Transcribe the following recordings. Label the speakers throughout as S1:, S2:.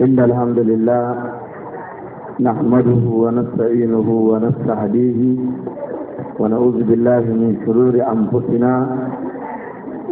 S1: إن الحمد لله نحمده ونستعينه ونستهديه ونعوذ بالله من شرور أنفسنا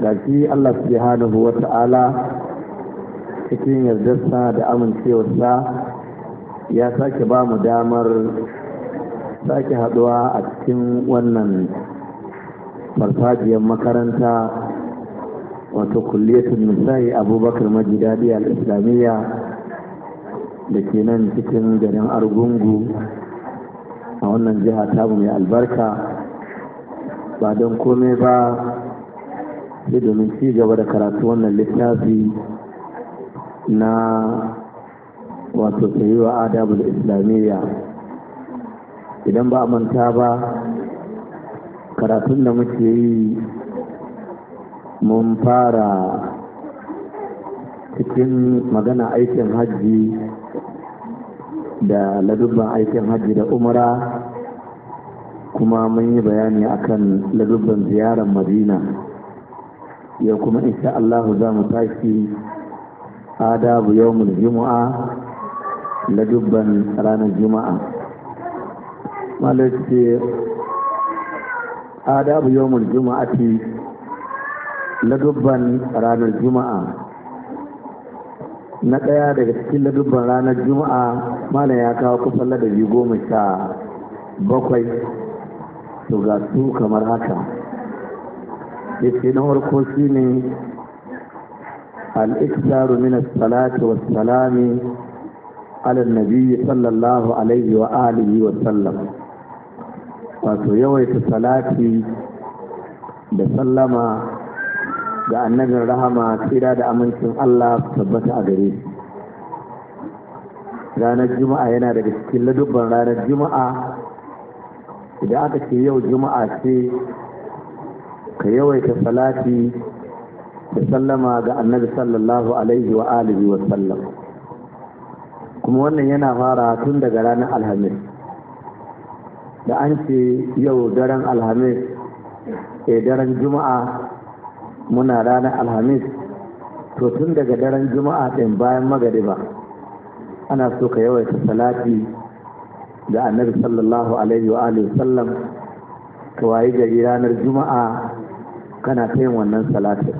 S1: ga shi Allah subhanahu wa ta'ala cikin yardarsa da amincewarsa ya sake ba mu damar sake haduwa a cikin wannan farfajiyar makaranta wato kulliyatun nisa'i abubakar majidadi al-islamiyya da ke nan cikin garin argungu a wannan jiha tamu mai albarka ba don komai ba Sai domin ci gaba da karatu wannan littafi na wato tsayuwa adabul islamiyya idan ba a manta ba karatun da muke yi mun fara cikin magana aikin hajji da ladubban aikin hajji da umara kuma mun yi bayani akan ladubban ziyarar madina yau kuma insha Allah za mu tashi adabu yawmul juma'a na dubban ranar juma'a malaki adabu yawmul juma'ati dubban ranar juma'a na ɗaya daga cikin dubban ranar juma'a malam ya kawo kusan ladabi goma sha bakwai to ga su kamar haka ya na farko shi ne al'iktaru min salatu wa salami ala nabiyyi sallallahu alaihi wa alihi wa sallam wato yawaita salati da sallama ga annabin rahama tsira da amincin Allah tabbata a gare shi ranar juma'a yana daga cikin ladubban ranar juma'a idan aka ce yau juma'a ce ka yawaita salati da sallama ga annabi sallallahu alaihi wa alihi wa sallam kuma wannan yana fara tun daga ranar alhamis da an ce yau daren alhamis e daren juma'a muna ranar alhamis to tun daga daren juma'a ɗin bayan magariba ana so ka yawaita salati da annabi sallallahu alaihi wa alihi sallam ka wayi gari ranar juma'a kana ta yin wannan salatin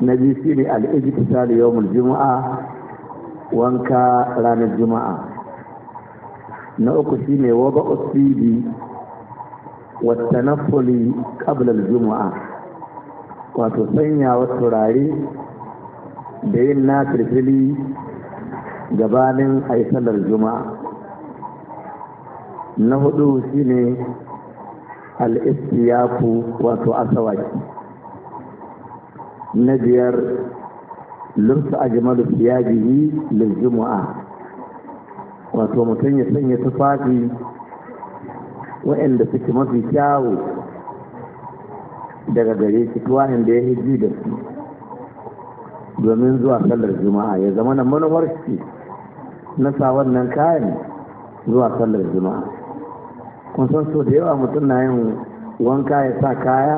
S1: na biyu shi ne al'ijtisali yawmul juma'a wanka ranar juma'a na uku shi ne waba usidi wata nafuli ƙablar juma'a wato sanya wa turare da yin na firfili gabanin aisalar juma'a na hudu shi ne al'istiyafu wato asawaki na biyar lursu a jimalu siyajihi liljumu'a wato mutum ya sanya tufafi waɗanda suke mafi kyawu daga gare shi tuwanin da ya hiji da su domin zuwa sallar juma'a ya zama na manufar shi na sa wannan kayan zuwa sallar juma'a kun san so da yawa mutum na yin wanka ya sa kaya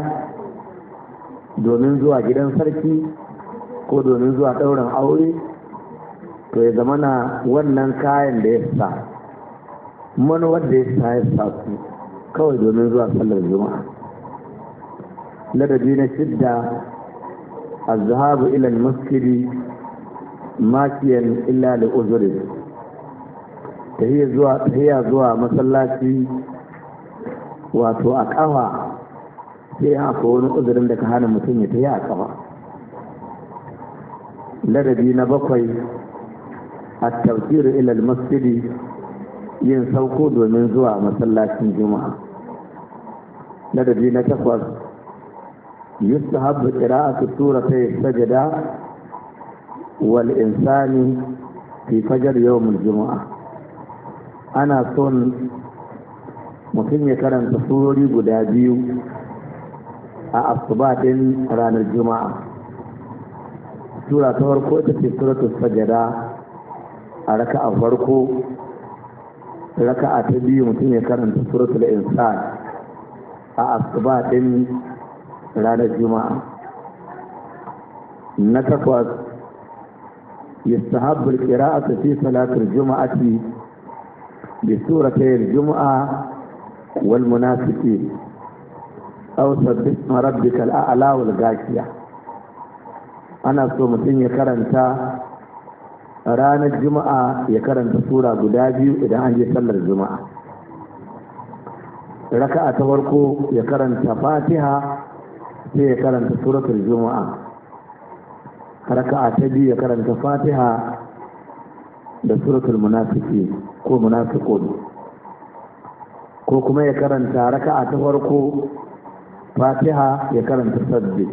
S1: domin zuwa gidan sarki ko domin zuwa ɗaurin aure to ya zama na wannan kayan da ya sa manuwar da ya sa ya sa su kawai domin zuwa sallar juma'a ladabi na shidda a zahabu ilan ماشيا إلا لأذر هي ta هي zuwa masallaci. wato a ƙafa sai ya haka wani uzurin da ka hana mutum ya ta yi a kawa ladabi na bakwai a tafsiru ilal masjidi yin sauko domin zuwa masallacin juma'a ladabi na takwas tura qira'atu ta sajada wal insani fi fajar yawm al ana son mutum ya karanta surori guda biyu a asubatin ranar juma'a sura ta farko ita ce suratul sajada a raka a farko raka a ta biyu mutum ya karanta suratul insan a asubatin ranar juma'a na takwas يستحب القراءة في صلاة surata بسورتي juma'a والمنافقين أو سبح اسم ربك الأعلى والغاشية أنا so mutum ya karanta ranar juma'a ya karanta sura guda biyu idan an je sallar juma'a raka'a ta farko ya karanta fatiha sai ya karanta suratul juma'a raka'a ta biyu ya karanta fatiha da suratul munafiki ko munafiqun ko kuma ya karanta raka'a ta farko fatiha ya karanta sabbi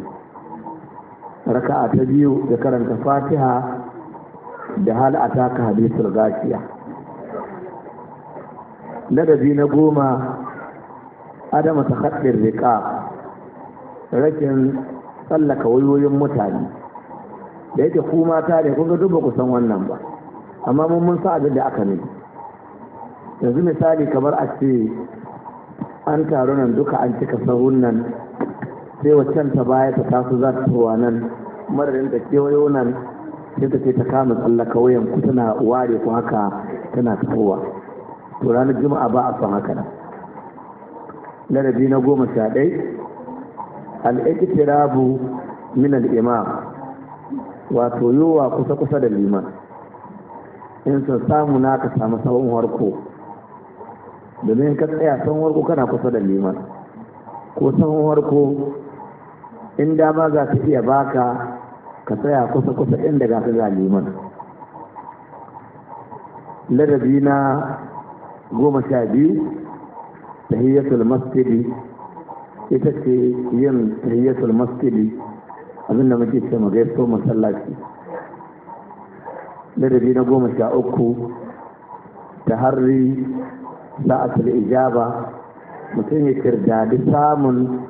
S1: raka'a ta biyu ya karanta fatiha da hal ataka hadisul gashiya ladabi na goma adama ta haɗin rika rakin tsallaka wayoyin mutane da yake kuma mata da kun ga duk san wannan ba amma mun mun sa abin da aka nemi yanzu misali kamar a ce an taru nan duka an cika sahun nan sai waccan ta baya ta taso za ta towa nan madadin da kewayo nan sai ta ce ta kama tsallaka wayan ku tana ware ku haka tana fitowa to ranar juma'a ba a son haka nan ladabi na goma sha ɗai al'ikitirabu min al'imam wato yowa kusa kusa da liman in sun samu na ka samu sabon harko domin ka tsaya san warko kana kusa da liman ko san warko in dama za ka iya baka ka tsaya kusa kusa inda ga ga liman ladabi na goma sha biyu tahiyyatul masjidi ita ce yin tahiyyatul masjidi abinda muke ce mu gaiso masallaci ladabi na goma sha uku ta harri sa'atul ijaba mutum ya kirdadi samun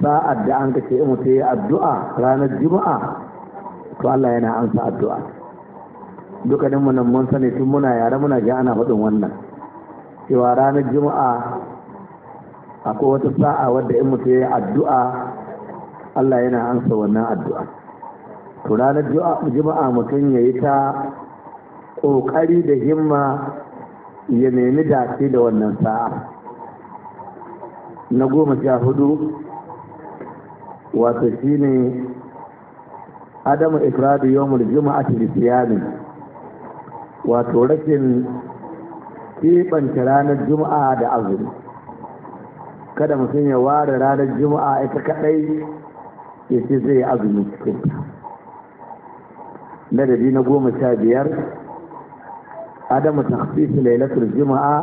S1: sa'ad da an kake in mutum ya addu'a ranar juma'a to Allah yana ansa addu'a dukkanin mu nan mun sani tun muna yare muna ji ana faɗin wannan cewa ranar juma'a akwai wata sa'a wadda in mutum ya addu'a Allah yana ansa wannan addu'a to ranar juma'a mutum ya yi ta ƙoƙari da himma ya nemi dace da wannan sa'a na goma sha hudu wato shi ne adamu ifradu yawmul juma'ati bi siyami wato rashin keɓance ranar juma'a da azumi kada mutum ya ware ranar juma'a ita kadai. ya ce zai azumi cikin ladabi na goma sha biyar adamu takhsis lailatul juma'a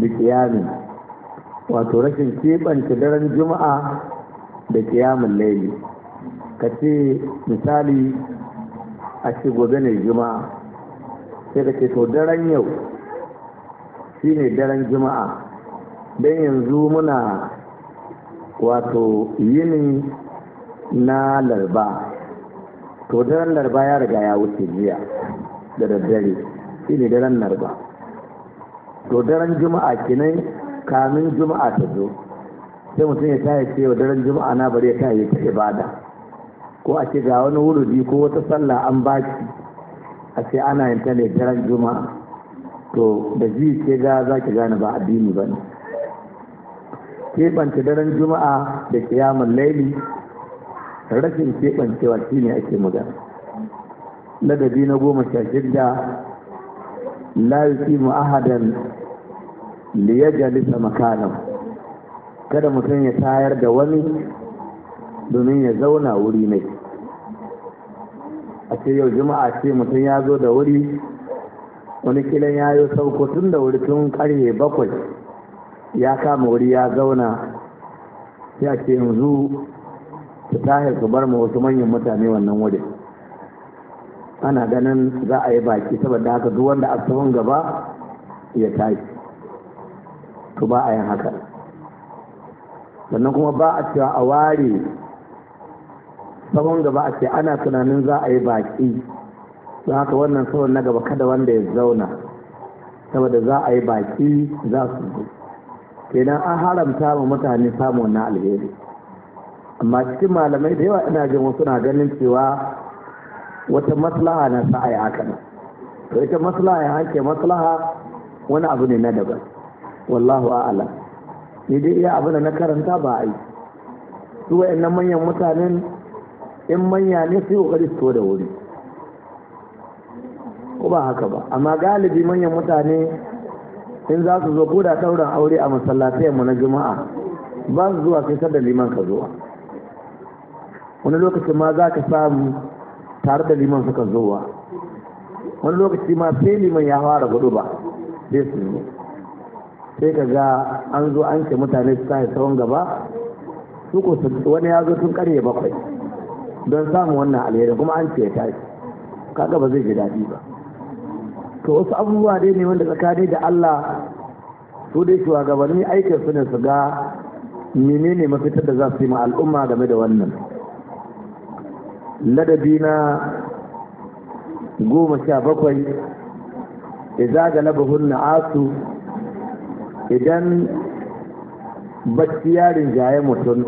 S1: bi qiyami wato rashin kebanta daren juma'a da qiyamul layli kace misali a ce gobe ne juma'a sai ka to daren yau shine daren juma'a don yanzu muna wato yini na larba to daren larba ya riga ya wuce jiya da daddare shi ne daren narba to daren juma'a kinan kamin juma'a ta zo sai mutum ya tayi cewa daren juma'a na bari ya tayi ta ibada ko a ce ga wani wurudi ko wata sallah an baki a ce ana yin ta ne daren juma'a to da ji ce ga za ki gane ba addini ba ne keɓance daren juma'a da kiyamun laili rashin keɓancewa shi ne ake magana ladabi na goma sha shidda la yusimu ahadan li yajlisa kada mutum ya tayar da wani domin ya zauna wuri ne a ce yau juma'a ce mutum ya zo da wuri wani kilan ya yi sauko tun da wuri tun karye bakwai ya kama wuri ya zauna ya ce yanzu su tahir su bar ma wasu manyan mutane wannan wurin ana ganin za a yi baki saboda haka duk wanda a tsohon gaba ya tashi to ba a yin haka sannan kuma ba a cewa a ware tsohon gaba a ce ana tunanin za a yi baki don haka wannan tsohon na gaba kada wanda ya zauna saboda za a yi baki za su zo kenan an haramta ma mutane samun wannan alheri amma cikin malamai da yawa ina jin wasu na ganin cewa wata maslaha na sa a yi haka nan to ita maslaha ya hanke maslaha wani abu ne na daban wallahu a'ala ni dai iya abu da na karanta ba a yi su wa'annan manyan mutanen in manya ne su kokari su da wuri ko ba haka ba amma galibi manyan mutane in za su zo ko da ɗaurin aure a masallatai mu na juma'a ba su zuwa sai sadda liman ka zuwa wani lokacin ma za ka samu tare da liman suka zowa wani lokaci ma sai liman ya fara gudu ba sai su yi sai ka ga an zo an ce mutane su sa tsawon gaba su ko wani ya zo tun karye bakwai don samun wannan alheri kuma an ce ya tashi kaga ba zai ji daɗi ba to wasu abubuwa dai ne wanda tsakani da Allah su dai shugabanni aikin su ne su ga menene mafitar da za su yi ma al'umma game da wannan ladabi na goma sha bakwai idza galabahun na'asu idan bacci yarin jaye mutum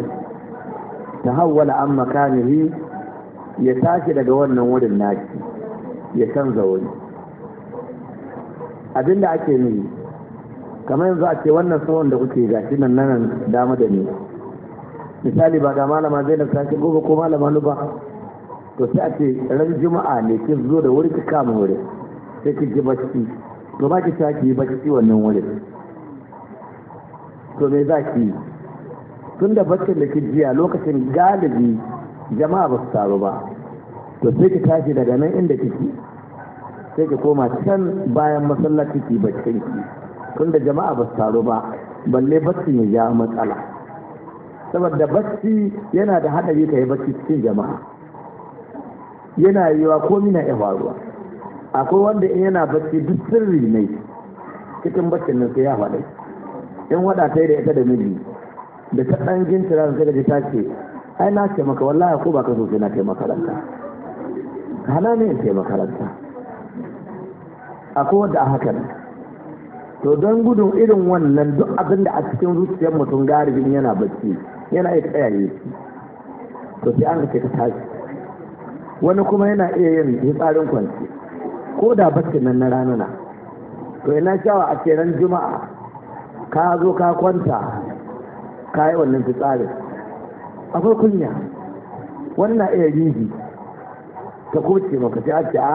S1: ta hawala an makanihi ya tashi daga wannan wurin naki ya canza wuri abinda ake nuni kamar yanzu a ce wannan tsohon da kuke gashi nan nan dama da ni misali ba ga malama zai na shigo ba ko malama nuba to sai a ce ran juma'a ne ki zo da wuri ki kama wuri sai ki ji bacci to ba ki ta ki yi bacci wannan wurin to me za ki yi tun da baccin da ki jiya lokacin galibi jama'a ba su taru ba to sai ki tashi daga nan inda kiki, sai ki koma can bayan masallaci ki baccin ki tun da jama'a ba su taru ba balle bacci ya ja matsala saboda bacci yana da haɗari ka yi bacci cikin jama'a yana yiwa ko mina ya faruwa akwai wanda in yana bacci duk sirri ne cikin baccin nan sai ya faɗi in waɗa ta da ita da miji da ta ɗan jinta da ta ce ai na ce maka wallahi ko ba ka so sai na ce makaranta hana ne ce makaranta akwai wanda a haka to don gudun irin wannan duk abin da a cikin zuciyar mutum garibin yana bacci yana iya tsayaye to sai an ka ce ta tashi wani kuma yana iya yin fitsarin kwanci ko da bakin nan na ranuna to ina cewa a ce juma'a ka zo ka kwanta ka yi wannan fitsarin akwai kunya wani na iya rihi ta kuce maka sai a ce a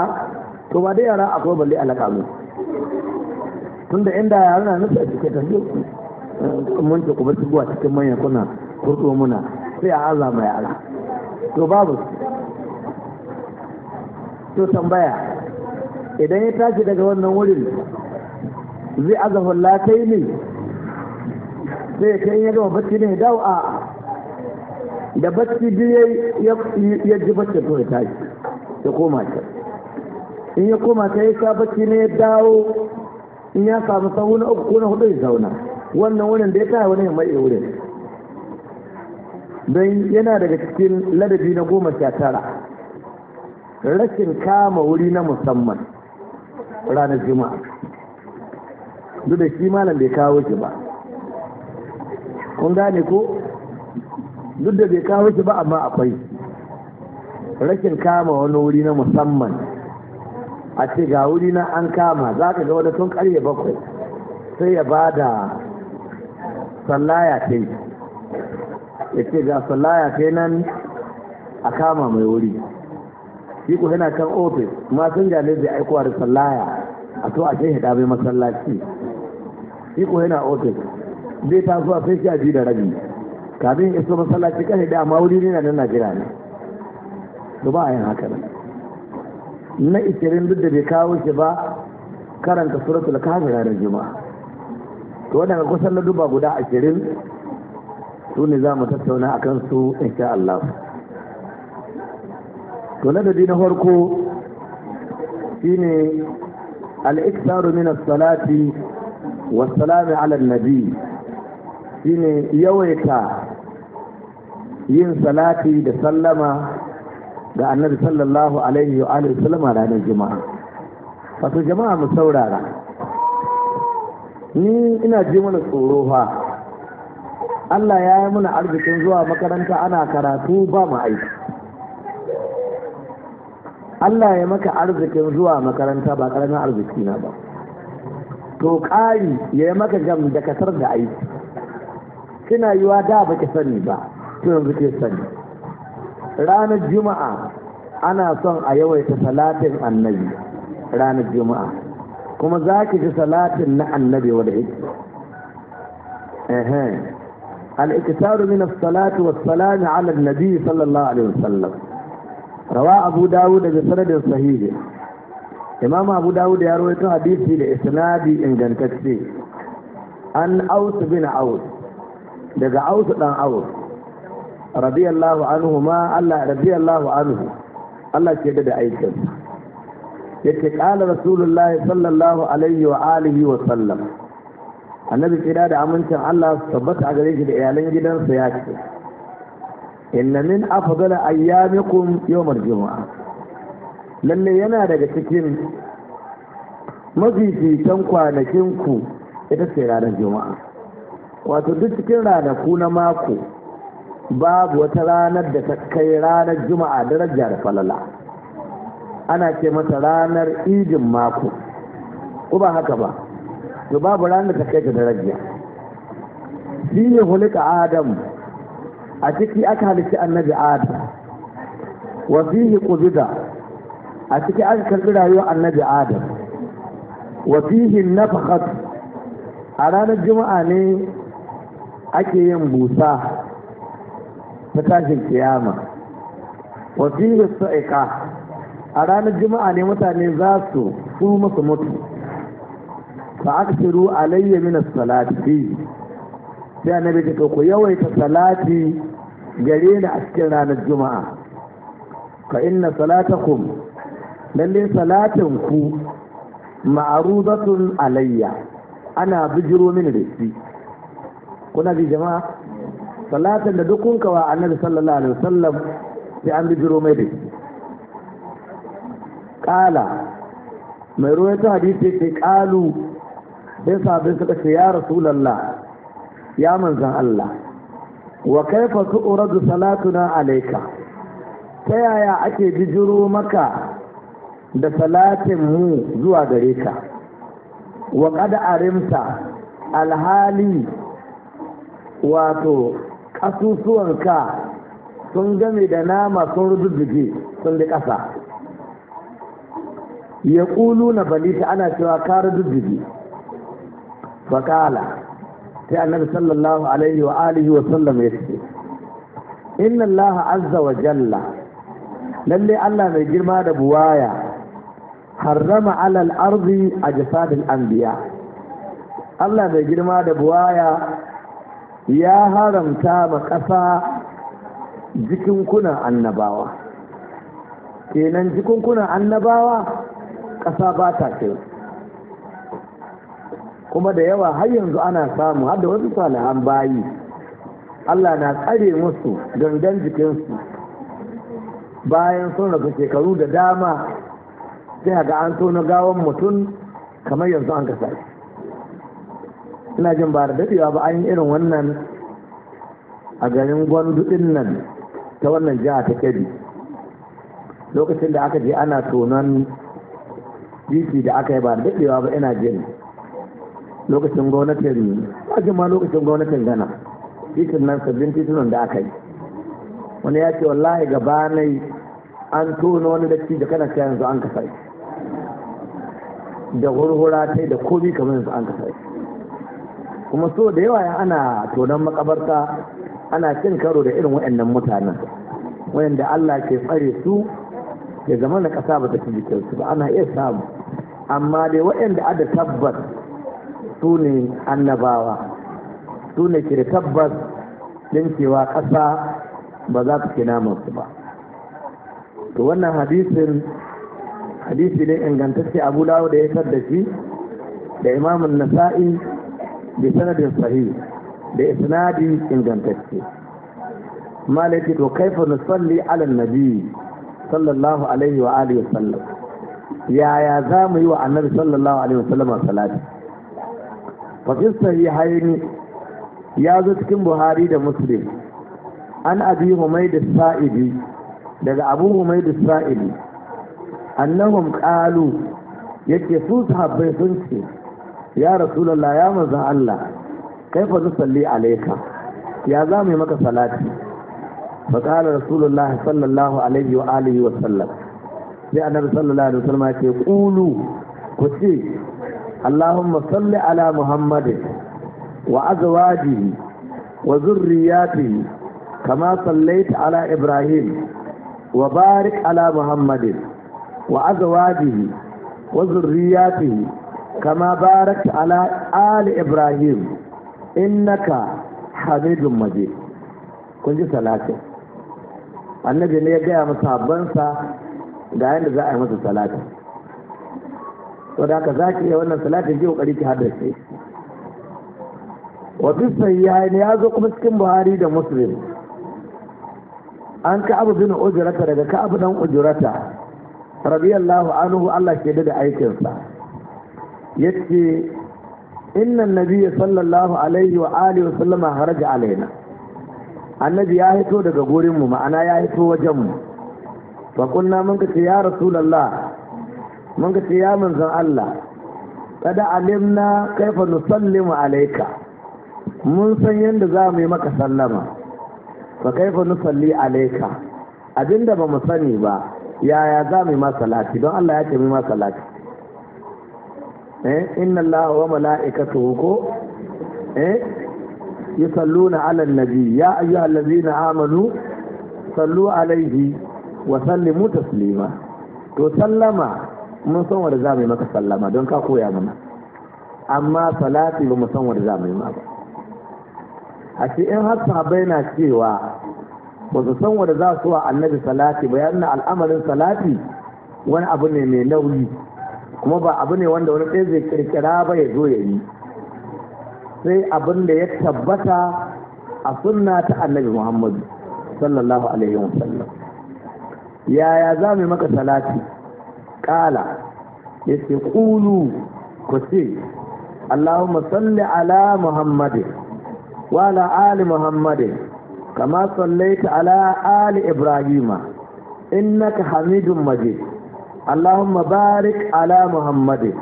S1: to ba da yara akwai balle alaka mu tunda inda yara na nufi a cikin tafiya eh, mun ce kuma shigowa cikin manyan kuna kurɗo muna sai a mai ala
S2: to babu to tambaya idan ya tashi daga
S1: wannan wurin zai azafin latai ne sai ya kai ya gama bacci ne dawo a da bacci biyu ya ji bacci to ya tashi ya koma ta in ya koma ta ya sa bacci ne ya dawo in ya samu sahu na uku na hudu ya zauna wannan wurin da ya tashi wani ya mai wurin don yana daga cikin ladabi na goma sha tara rashin kama wuri na musamman ranar juma'a duk da shi malam bai kawo shi ba kun gane ko duk da bai kawo shi ba amma akwai rashin kama wani wuri na musamman a ce ga wuri na an kama za ka ga wani tun karye bakwai sai ya ba da sallaya ta yi ya ce ga sallaya ta nan a kama mai wuri shi ko yana kan ofis masinja ne zai aikowa da sallaya a to a shehe dabe mai masallaci shi ko yana ofis zai taso a sai sha biyu da rabi kamin iso masallaci kan hida amma wuri ne na nan najeriya ne to ba a yin haka nan na ikirin duk da bai kawo shi ba karanta suratul kafir da juma'a to waɗanda kusan na duba guda ashirin su ne za mu tattauna a su insha Allah.
S2: to ladabi na farko
S1: shine al-iktaru min salati wa salami ala nabi shine yawaita yin salati da sallama ga annabi sallallahu alaihi wa alihi sallama ranar juma'a wato jama'a mu saurara ni ina ji mana tsoro fa Allah ya yi mana arzikin zuwa makaranta ana karatu ba mu aiki Allah ya maka arzikin zuwa makaranta ba ƙaramin arziki na ba to ƙari ya yi maka gam da kasar da aiki kina yiwa da ba ki sani ba to yanzu ke sani ranar juma'a ana son a yawaita salatin annabi ranar juma'a kuma za ki ji salatin na annabi wadda yake al-iktaru min as-salati was-salam ala an-nabi sallallahu alaihi wasallam rawa abu dawud da sanadin sahihi imam abu dawud ya rawaito hadisi da isnadi ingantacce an aus bin aus daga aus dan aus radiyallahu anhu ma Allah radiyallahu anhu Allah ke da aikin Yake qala rasulullahi sallallahu alaihi wa alihi wa sallam annabi kira da amincin Allah tabbata a gare shi da iyalan gidansa ya ce inna min afdala ayyamikum yawmal juma'a lalle yana daga cikin mafificen kwanakinku ita ce ranar juma'a wato duk cikin ranaku na mako babu wata ranar da ta kai ranar juma'a daraja da falala ana ce mata ranar idin mako ko ba haka ba to babu ranar da ta kai ta daraja shi ne hulika Adam. a ciki aka halitta annabi adam wa fihi qubida a ciki aka karbi rayuwar annabi adam wa fihi nafakhat a ranar juma'a ne ake yin busa ta tashin kiyama wa fihi sa'iqa a ranar juma'a ne mutane za su su musu mutu fa aksiru alayya min as-salati sai annabi ta ko yawaita salati gare ni a cikin ranar juma'a fa inna salatakum lalle salatin ku ma'arudatun alayya ana bijiro mini da shi kuna bi jama'a salatin da dukkan kawa annabi sallallahu alaihi wasallam sai an bijiro mai da shi kala mai ruwaito hadisi ce kalu sai sabbin suka ce ya rasulallah ya manzan Allah wa kaifa tu'radu salatuna alayka ta yaya ake bijiro maka da salatin mu zuwa gare ka wa qad arimta alhali wato ka sun game da nama sun rubuje sun da ƙasa ya ƙulu na balita ana cewa ka rubuje fakala sai annabi sallallahu alaihi wa alihi wa sallam ya ce inna allaha azza wa jalla lalle allah mai girma da buwaya harrama alal arzi a jasadin anbiya allah mai girma da buwaya ya haramta ma ƙasa jikunkunan annabawa kenan jikunkunan annabawa ƙasa ba ta kai kuma da yawa har yanzu ana samu har da wasu salihan bayi Allah na tsare musu gangan jikinsu bayan sun rasu shekaru da dama sai ga an tona gawan mutum kamar yanzu an kasa ina jin ba da daɗewa ba an yi irin wannan a garin gwanduɗin nan ta wannan jiha ta kebbi lokacin da aka je ana tonon titi da aka yi ba da daɗewa ba ina jin lokacin gwamnatin ajin ma lokacin gwamnatin gana titin nan sabbin titunan da aka yi wani ya ce wallahi gaba nai an tono wani datti da kana yanzu an kasai da hurhura ta da komi kamar yanzu an kasai kuma so da yawa ana tonon makabarta ana cin karo da irin waɗannan mutanen wayanda Allah ke tsare su ya zama na kasa ba ta fi jikinsu ba ana iya samu amma dai waɗanda ada tabbat su ne annabawa su ne ke da tabbas yankewa ƙasa ba za su ke namansu ba to wannan hadisin hadisi ne ingantacce abu lawo da ya tar da shi da imamun nasa'i da sanadin sahih da isnadi ingantacce malaki to kaifa nusalli ala nabi sallallahu alaihi wa alihi wa sallam yaya za mu yi wa annabi sallallahu alaihi wa sallam salati fafis sahihaini ya zo cikin buhari da muslim an abi humaydu sa'idi daga abu humaydu sa'idi annahum qalu yake su sahabbai sun ce ya rasulullah ya manzo Allah Kai kaifa nusalli alayka ya za mu yi maka salati fa qala rasulullah sallallahu alaihi wa alihi wa sallam sai annabi sallallahu alaihi wa sallam ya ce qulu ku ce اللهم صل على محمد وأزواجه وذرياته كما صليت على إبراهيم وبارك على محمد وأزواجه وذرياته كما باركت على آل إبراهيم إنك حميد مجيد كنت ثلاثة النبي ne ya gaya masa abbansa da yadda za a yi masa salati to da ka za ki yi wannan salatin ji kokari ki shi wa fi ne ya zo kuma cikin buhari da muslim an abu bin ujurata daga abu dan ujrata radiyallahu anhu Allah ke da aikinsa yace inna nabiyya sallallahu alaihi wa alihi wa sallama haraja alaina annabi ya hito daga gurin mu ma'ana ya hito wajen mu fa kunna mun kace ya rasulullah mun ka ce ya manzan Allah kada alimna kaifa nusallimu alaika mun san yadda za mu yi maka sallama fa kaifa nusalli alaika abinda ba mu sani ba yaya za mu yi ma salati don Allah ya ce mu yi ma salati eh inna Allah wa mala'ikatuhu ko eh yusalluna 'alan nabi ya ayyuhallazina amanu sallu alaihi wa sallimu taslima to sallama mun san wanda za mu yi maka sallama don ka koya mana amma salati ba mu san wanda za mu yi maka a ce in har sahabbai na cewa ba su san wanda za su wa annabi salati ba yana al'amarin salati wani abu ne mai nauyi kuma ba abu ne wanda wani ɗaya zai kirkira ba ya zo ya yi sai abin da ya tabbata a sunna ta annabi muhammadu sallallahu alaihi wasallam yaya za mu yi maka salati ƙala ya ce ƙulu ku ce Allahumma salli ala Muhammadin wala ali Muhammadin kama sallaita ala ali Ibrahima innaka hamidun majid Allahumma barik ala Muhammadin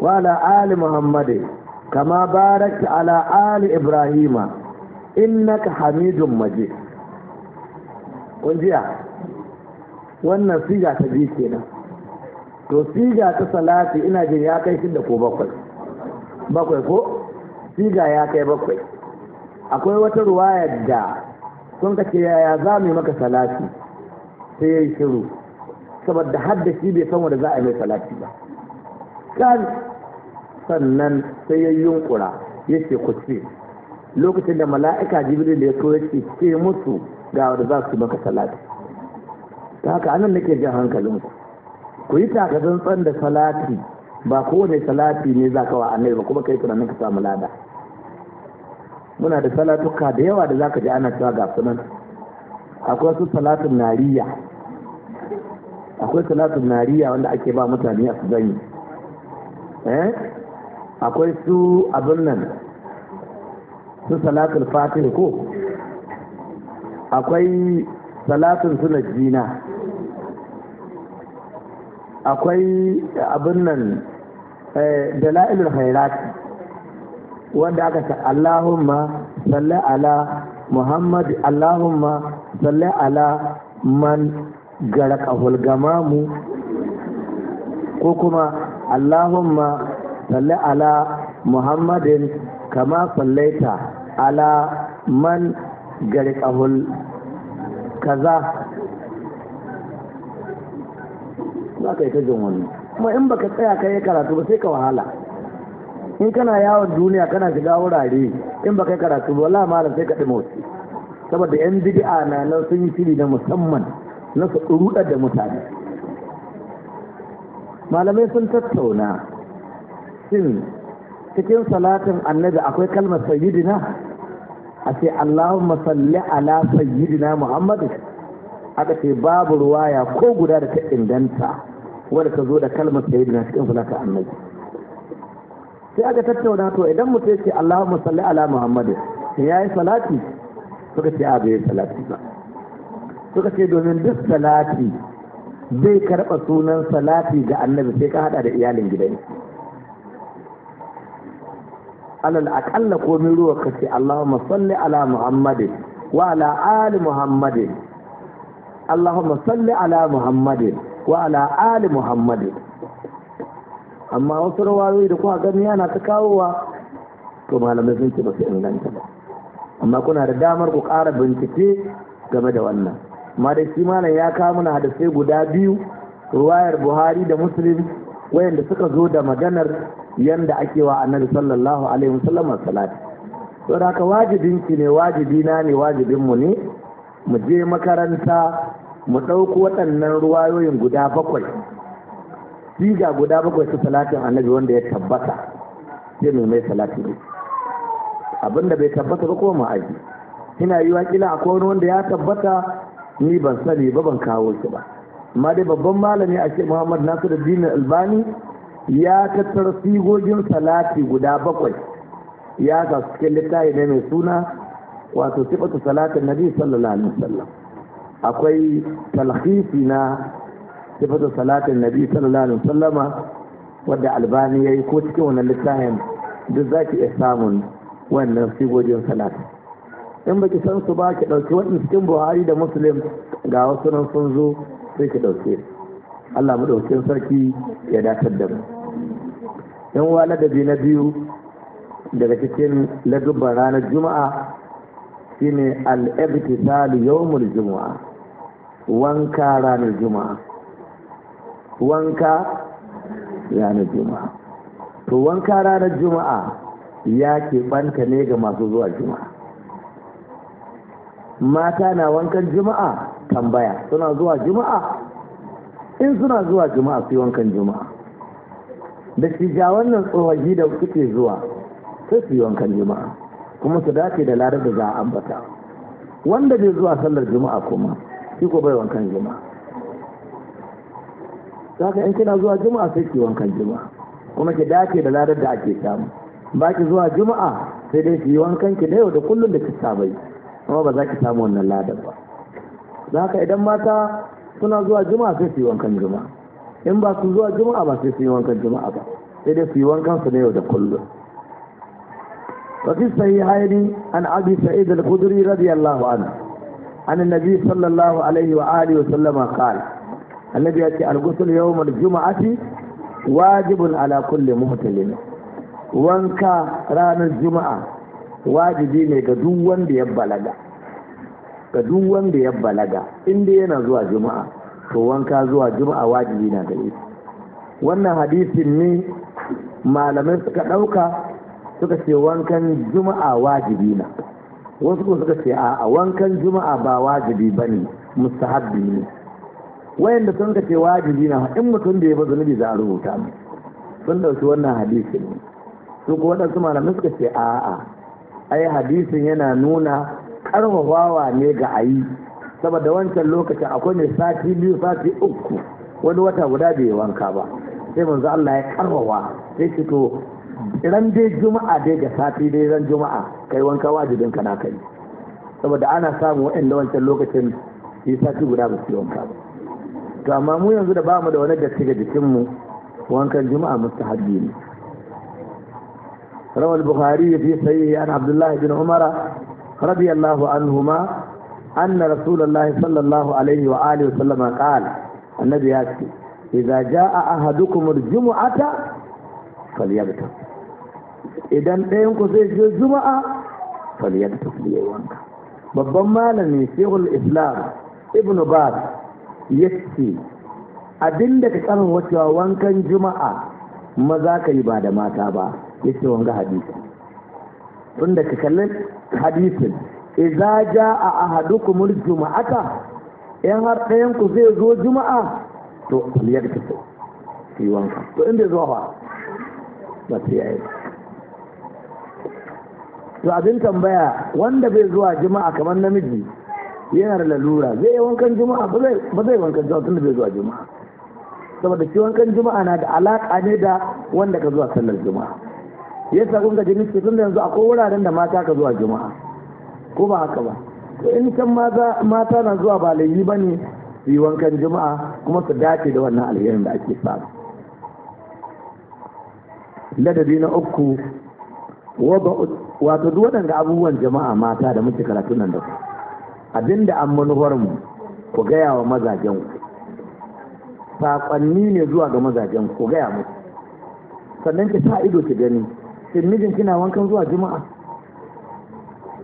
S1: wala ali Muhammadin kama barakta ala ali Ibrahima innaka hamidun majid kun jiya wannan siga ta biyu kenan to siga ta salati ina jin ya kai da ko bakwai bakwai ko siga ya kai bakwai akwai wata ruwaya da sun kace yaya za mu maka salati sai ya shiru saboda hadda shi bai san wanda za a yi salati ba kan sannan sai ya yunkura ya ce ku ce lokacin da mala'ika jibril da ya so ya ce ce musu ga wanda za su maka salati ta haka anan nake jin hankalinku ku yi tsan da salati ba kowane salati ne za ka wa annabi ba kuma kai tunanin ka samu lada muna da salatuka da yawa da za ka ji ana cewa ga sunan akwai su salatun nariya akwai salatun nariya wanda ake ba mutane a su zanyi eh akwai su abin nan su salatul fatih ko akwai salatun jina. akwai abin nan eh, la'ilul khairat wanda aka ce Allahumma salli ala Muhammad Allahumma salli ala man gara kahul gamamu ko kuma Allahumma salli ala Muhammadin kama sallaita ala man gara kahul kaza za ka yi ta jin wani kuma in baka tsaya ka yi karatu ba sai ka wahala in kana yawon duniya kana shiga wurare in baka yi karatu ba wallahi malam sai ka ɗi motsi saboda yan bid'a na nan sun yi shiri na musamman na su ruɗar da mutane malamai sun tattauna shin cikin salatin annabi akwai kalmar sayyidina a ce Allahumma salli ala sayyidina Muhammadu, aka ce babu ruwaya ko guda da ta inganta wadda ta zo da kalmar sayyidina cikin sulaka annabi sai aka tattauna to idan mutum ce Allahu salli ala Muhammadu ya yi salati suka ce a bai salati ba suka ce domin duk salati zai karɓa sunan salati ga annabi sai ka hada da iyalin gidan alal aƙalla komin ruwa ka ce Allahu salli ala muhammadin wa ala ali muhammadin Allahumma salli ala muhammadin. wa ala ali amma wasu rawayoyi da kuka gani yana ta kawowa to malamai sun ce ba su inganta ba amma kuna da damar ku ƙara bincike game da wannan amma da shi malam ya kawo mana hadisai guda biyu ruwayar buhari da muslim wayanda suka zo da maganar yanda ake wa annabi sallallahu alaihi wasallam salati to haka wajibin ki ne wajibi ne wajibin ne mu je makaranta mu ɗauko waɗannan ruwayoyin guda bakwai siga guda bakwai su salatin annabi wanda ya tabbata sai mai mai salati ne abinda bai tabbata ba kuma ma'aji ina yi kila a wani wanda ya tabbata ni ban sani ba ban kawo shi ba amma dai babban malami a ce muhammad nasiru dini albani ya tattara sigogin salati guda bakwai ya ga cikin littafi ne mai suna wato sifatu salatin nabi sallallahu alaihi wasallam akwai talhisi na sifatu salatin nabi sallallahu alaihi wasallama wadda albani ya yi ko cikin wannan littafin duk zaki ki iya samun wannan sigogin salat in baki san su ba ki ɗauki wannan cikin buhari da muslim ga wasu nan sun zo sai ki ɗauke allah mu ɗaukin sarki ya dakar da mu yan wa ladabi na biyu daga cikin ladubban ranar juma'a shine al ibtisal yawmul juma'a wanka ranar juma'a wanka ranar juma'a to wanka ranar juma'a ya ke banta ne ga masu zuwa juma'a mata na wankan juma'a tambaya suna zuwa juma'a in suna zuwa juma'a su wankan juma'a da shi ja wannan tsohaji da suke zuwa sai su wankan juma'a kuma su dace da larar da za a ambata wanda bai zuwa sallar juma'a kuma shi ko bai wankan za ka in kina zuwa jima'a sai ki wankan jima'a kuma ki dace da ladar da ake samu ba ki zuwa jima'a sai dai ki yi wankan ki da yau da kullum da ki sabai yi kuma ba za ki samu wannan ladar ba ka idan mata suna zuwa jima'a sai su yi wankan jima'a in ba su zuwa jima'a ba sai su yi wankan jima'a ba sai dai su yi wankan su na yau da kullum وفي الصحيحين عن ابي سعيد الخدري رضي الله عنه an annabi sallallahu alaihi wa alihi wa sallama qala annabi ya ce al-ghusl yawm al-jum'ati wajibun ala kulli muhtalim wanka ranar juma'a wajibi ne ga duk wanda ya balaga ga duk wanda ya balaga inda yana zuwa juma'a to wanka zuwa juma'a wajibi na gare shi wannan hadisin ne malamai suka ɗauka suka ce wankan juma'a wajibi na wasu kuma suka ce a wankan juma'a ba wajibi ba ne mustahabbi ne wayanda sun ce wajibi na in mutum da ya ba zunubi za a rubuta mu sun ɗauki wannan hadisi ne su ko waɗansu malamai suka ce a a ai hadisin yana nuna karfafawa ne ga ayi saboda wancan lokacin akwai mai sati biyu sati uku wani wata guda bai wanka ba sai manzo Allah ya karrawa sai ce to ran dai juma'a dai ga sati dai ran juma'a kai wanka wajibin ka na kai saboda ana samu wa'in wancan lokacin yi sati guda ba su yi wanka ba to amma mu yanzu da bamu da wani datti ga jikinmu wankan juma'a musta hajji ne rawa al-bukhari fi sahihi an abdullah ibn umara radiyallahu anhuma anna rasulullah sallallahu alaihi wa alihi wa sallama qala annabi ya ce إذا جاء أحدكم الجمعة فليبتغ idan ɗayan ku zai je juma'a faliyar tafiye wanka babban malami shehul islam ibn baz ya ce abin da ka karin wacewa wankan juma'a maza ka yi ba da mata ba ya ce wanga hadisi tunda ka kalli hadisin idza jaa ahadukum al-juma'ata in har ɗayan ku zai zo juma'a to aliyar kito wanka to inda zuwa ba ba ta yayi to abin tambaya wanda bai zuwa juma'a kamar namiji yana da lalura zai yi wankan juma'a ba zai wankan juma'a da bai zuwa juma'a saboda shi wankan juma'a na da alaka ne da wanda ka zuwa sallar juma'a yasa kun ga jini tun da yanzu akwai wuraren da mata ka zuwa juma'a ko ba haka ba to in can mata na zuwa ba laifi ba ne su yi wankan juma'a kuma su dace da wannan alherin da ake samu ladabi na uku wato duk waɗanda abubuwan jama'a mata da muke karatu nan da ku abinda an manufar mu ku gaya wa mazajen ku saƙonni ne zuwa ga mazajen ku gaya musu sannan ki sa ido ki gani shin mijin kina wankan zuwa juma'a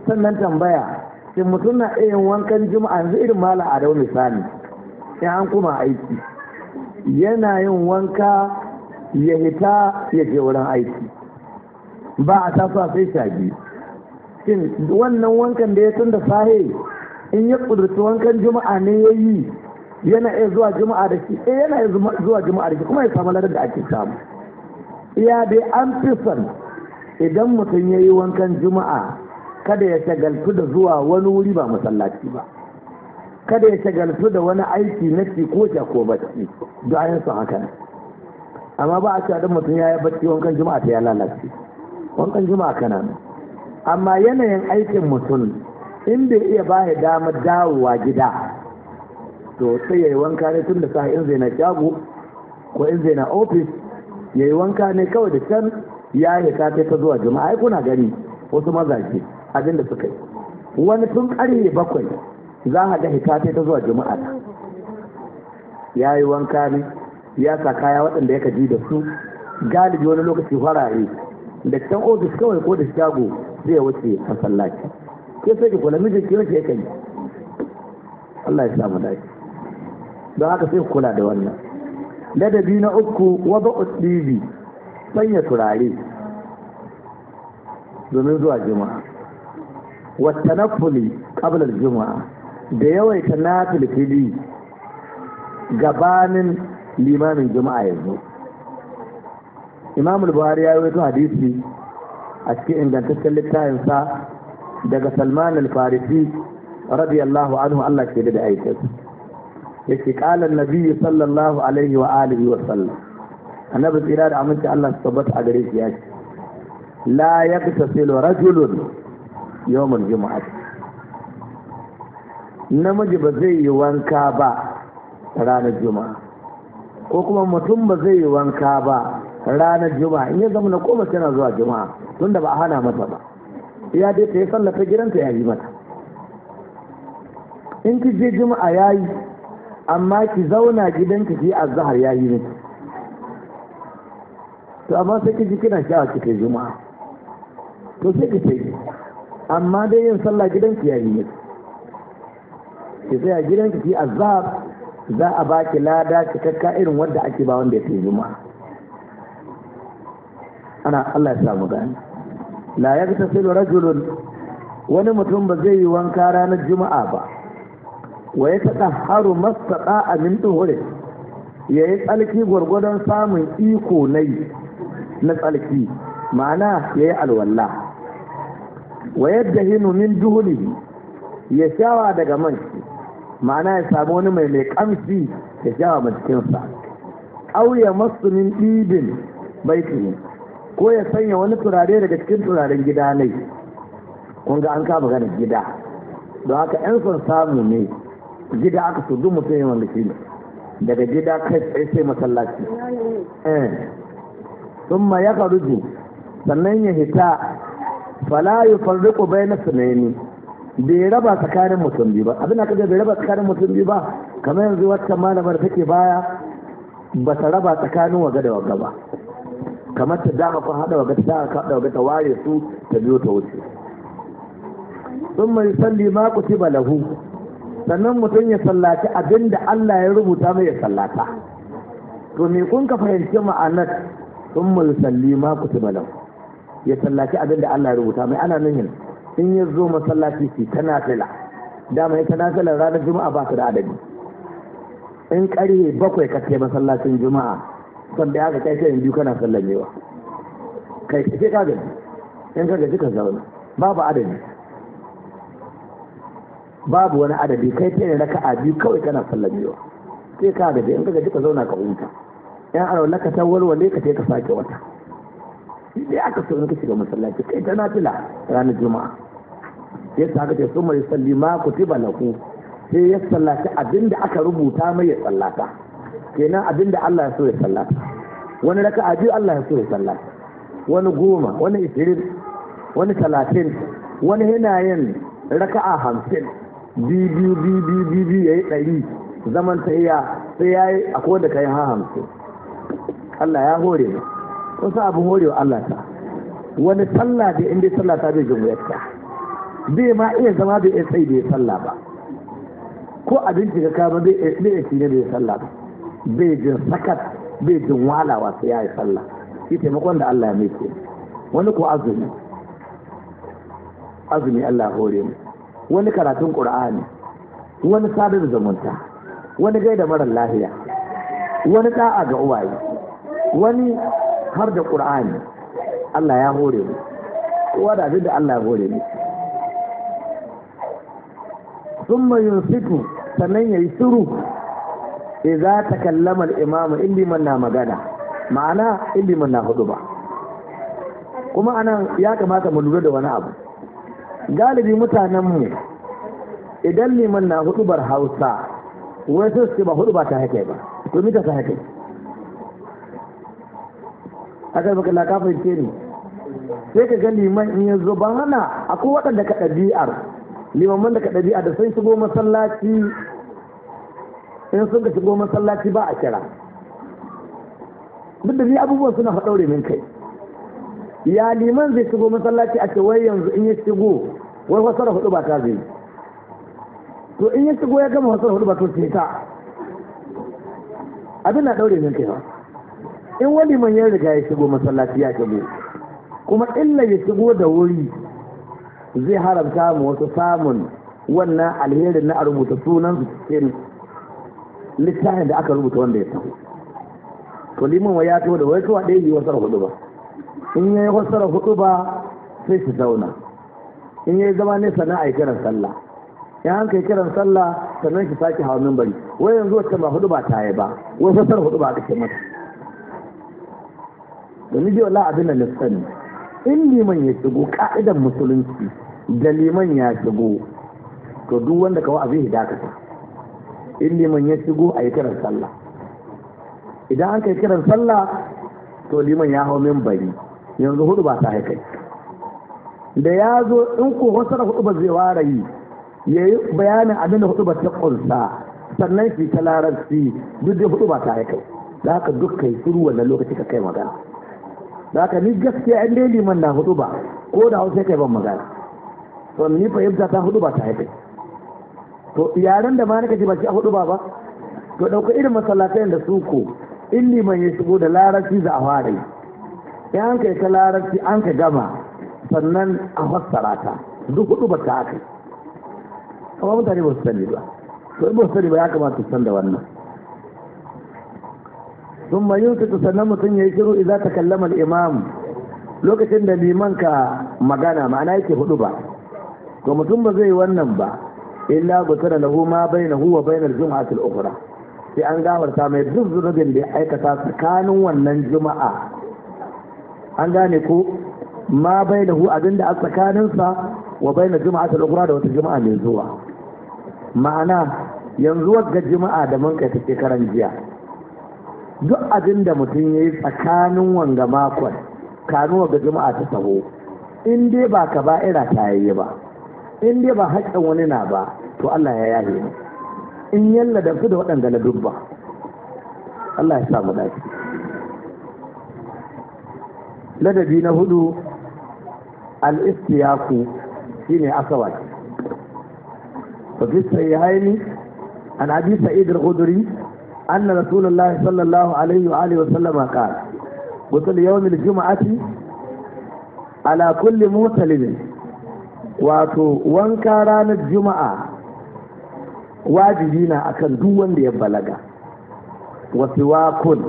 S1: sannan tambaya shin mutum na iya wankan juma'a yanzu irin mala a dau misali in an kuma aiki yana yin wanka ya hita ya je wurin aiki ba a tasowa sai sha biyu shin wannan wankan da ya tun da sahe in ya kudurci wankan juma'a ne ya yi yana iya zuwa juma'a da shi eh yana iya zuwa juma'a da shi kuma ya samu ladar da ake samu iya dai an fi son idan mutum ya yi wankan juma'a kada ya shagaltu da zuwa wani wuri ba masallaci ba kada ya shagaltu da wani aiki na ci ko sha ko bacci da ayin su haka amma ba a cewa don mutum ya yi bacci wankan juma'a ta ya lalace wankan jima kana nan amma yanayin aikin mutum in bai iya ba ya damar dawowa gida to sai ya yi wanka ne tun da sa in zai na shago ko in zai na ofis ya yi wanka ne kawai da can ya yi ta ta zuwa juma'a ai kuna gani wasu mazaje abin da suka yi wani tun karye bakwai za a ga hita ta zuwa juma'a ya yi wanka ne ya sa kaya waɗanda ya kaji da su galibi wani lokaci farare da can ofis kawai ko da shago zai wuce masallaci ke sai ki kula mijin ki ya kai Allah ya samu dace don haka sai kula da wannan ladabi na uku wada udibi sanya turare domin zuwa juma'a wa tanaffuli qabla juma'a da yawaita nafil fili gabanin limamin juma'a yanzu imam buhari ya rawaito hadisi a cikin ingantaccen littafinsa daga salman al-farisi radiyallahu anhu Allah ke da aikin yake kala nabi sallallahu alaihi wa alihi wa sallam annabi tsira da aminci Allah su tabbata a gare shi ya ce la yaqtasilu rajulun yawmal jumu'ah namiji ba zai yi wanka ba ranar juma'a ko kuma mutum ba zai yi wanka ba ranar juma'a in ya zama na koma tana zuwa juma'a tun da ba a hana mata ba ya dai ta yi sallah ta gidanta ya yi mata in ki je juma'a ya yi amma ki zauna gidan ki azhar ya yi miki to amma sai ki ji kina sha'awa ki kai juma'a to sai ki sai amma dai yin sallah ki ya yi miki ki tsaya gidan ki azhar za a baki lada ki kakka irin wanda ake ba wanda ya kai juma'a ana Allah ya samu gani la sai rajulun wani mutum ba zai yi wanka ranar juma'a ba wa ya taɗa haru mastaɗa a min ɗuhure ya yi tsalki gwargwadon samun iko na yi na tsalki ma'ana ya yi alwalla wa yadda hinu min duhuli ya shawa daga man ma'ana ya samu wani mai mai kamshi ya shawa mai cikinsa Ƙauye ya masu min ko ya sanya wani turare daga cikin turaren gida ne kun ga an kama gana gida don haka yan son samu ne gida aka so duk mutum yawan lafi ne daga gida kai tsaye sai masallaci sun eh. ma ya karuji sannan ya hita fala yi farriku bai na sunayeni bai raba tsakanin mutum biyu ba abin da ka bai raba tsakanin mutum biyu ba kamar yanzu wata malamar take baya ba ta raba tsakanin waga da waga ba kamar ta dama kun haɗa waga ta dama kun haɗa waga ta ware su ta biyo ta wuce sun mai salli ma ku ci balahu sannan mutum ya sallaci abin da Allah ya rubuta mai ya sallata to me kun ka fahimci ma'anar sun mai salli ma ku ci balahu ya sallaci abin da Allah ya rubuta mai ana nuhin in ya zo masallaci shi ta nafila dama ta nafila ranar juma'a ba su da adadi in ƙarfe bakwai ka masallacin juma'a sanda haka kai sai biyu kana sallamewa kai sai ka gani in ka gaji ka zauna babu adadi babu wani adadi kai sai raka a biyu kawai kana sallamewa sai ka gaji in ka gaji ka zauna ka huta yan arawar ka ta walwale ka ce ka sake wata sai aka so in ka shiga masallaci kai ta nafila ranar juma'a sai ta haka ce sun mai salli ma ku tiba lahu sai ya sallaci abinda aka rubuta mai ya sallata kenan abin da Allah ya so ya sallata wani raka a biyu Allah ya so ya sallata wani goma wani ishirin wani talatin wani yana yin a hamsin biyu biyu biyu biyu biyu ya yi ɗari zaman ta iya sai ya yi a kowanne kayan ha hamsin Allah ya hore ne wasu abin horewa Allah ta wani sallah da inda sallah ta bai jin wuyarta bai ma iya zama bai iya tsaye bai ya sallah ba ko abinci ka kama bai iya tsaye da ya sallah ba bai jin sakat bai jin walawa sai ya yi sallah shi taimakon da Allah ya mai wani ko azumi azumi Allah hore mu wani karatun qur'ani wani sadar zumunta wani gaida mara lahiya wani da'a ga uwaye wani har da qur'ani Allah ya hore mu kowa da abin da Allah ya hore mu summa yunsiku sannan yayi shiru E za ta al-imamu in liman na magana ma'ana in liman na hudu ba kuma anan ya kamata mu lura da wani abu galibi mutanenmu idan liman na hudu bar Hausa wani sun su ba hudu ba ta hake ba to mita ta A kai baka la kafin ce ni sai ka ga liman in ya zo ban hana akwai waɗanda ka ɗabi'ar limaman da ka ɗabi'ar da sun shigo masallaci in sun ka shigo masallaci ba a kira duk da ni abubuwan suna daure min kai ya liman zai shigo masallaci a ce wai yanzu in ya shigo wai wasara hudu ba ta zai to in ya shigo ya gama wasara hudu ba to sai ta abin na ɗaure min kai ba in wani man ya riga ya shigo masallaci ya shigo kuma illa ya shigo da wuri zai haramta mu wasu samun wannan alherin na a rubuta sunan su cikin littafin da aka rubuta wanda ya san to liman wa ya taho da wai kawai dai yi wasar hudu ba in ya yi wasar hudu ba sai su zauna in ya yi zama ne sana'a ya kiran sallah in an kai kiran sallah sannan shi sake hawa bari wai yanzu wata ba hudu ba ta yi ba wai wasar hudu ba aka ce mata domin ji wala abin da na sani in liman ya shigo ka'idan musulunci da liman ya shigo to duk wanda kawai abin ya dakata in liman ya shigo a yi kiran sallah idan an kai kiran sallah to liman ya hau min bari yanzu hudu ba ta haikai da ya zo in ko wasu hudu ba zai ware yi ya yi bayanin abin da hudu ba ta kunsa sannan shi ta larabci duk da hudu ba ta haikai za ka duk kai suru wannan lokaci ka kai magana za ka ni gaskiya in dai liman na hudu ba ko da hausa kai ban magana to ni fahimta ta hudu ba ta haikai to yaren da ma ce ji baki a hudu ba ba to ɗauka irin masallatai da su ko in liman ya shigo da larabci za a fara yi an kai ta larabci an ka gama sannan a fassara ta duk hudu ba ta haka amma mutane ba su sani ba to in ba su sani ba ya kamata su san da wannan sun ma yin su sannan mutum ya yi shiru idan ta kallama imam lokacin da liman ka magana ma'ana yake hudu ba to mutum ba zai wannan ba illa gutara lahu ma hu wa bainal jum'ati al-ukhra sai an gafarta mai duk zunubin da ya aikata tsakanin wannan juma'a an gane ko ma hu abinda a tsakaninsa wa bainal jum'ati al-ukhra da wata juma'a mai zuwa ma'ana yanzu wagga juma'a da mun kai ta shekaran jiya duk abinda mutum ya yi tsakanin wanga makon kanu ga juma'a ta taho in dai ba ka ba'ira ta yi ba in dai ba haƙƙin wani na ba to Allah ya yaye mu in yalla da su da waɗanda na dubba Allah ya samu dace ladabi na hudu al-istiyaku shine asawat wa fi sayyaini an abi sa'id al-khudri anna rasulullah sallallahu alaihi wa alihi wa sallam qala غسل يوم الجمعة على كل مغتلب wato wanka ranar juma'a wajibi na akan duk wanda ya balaga wasu wakun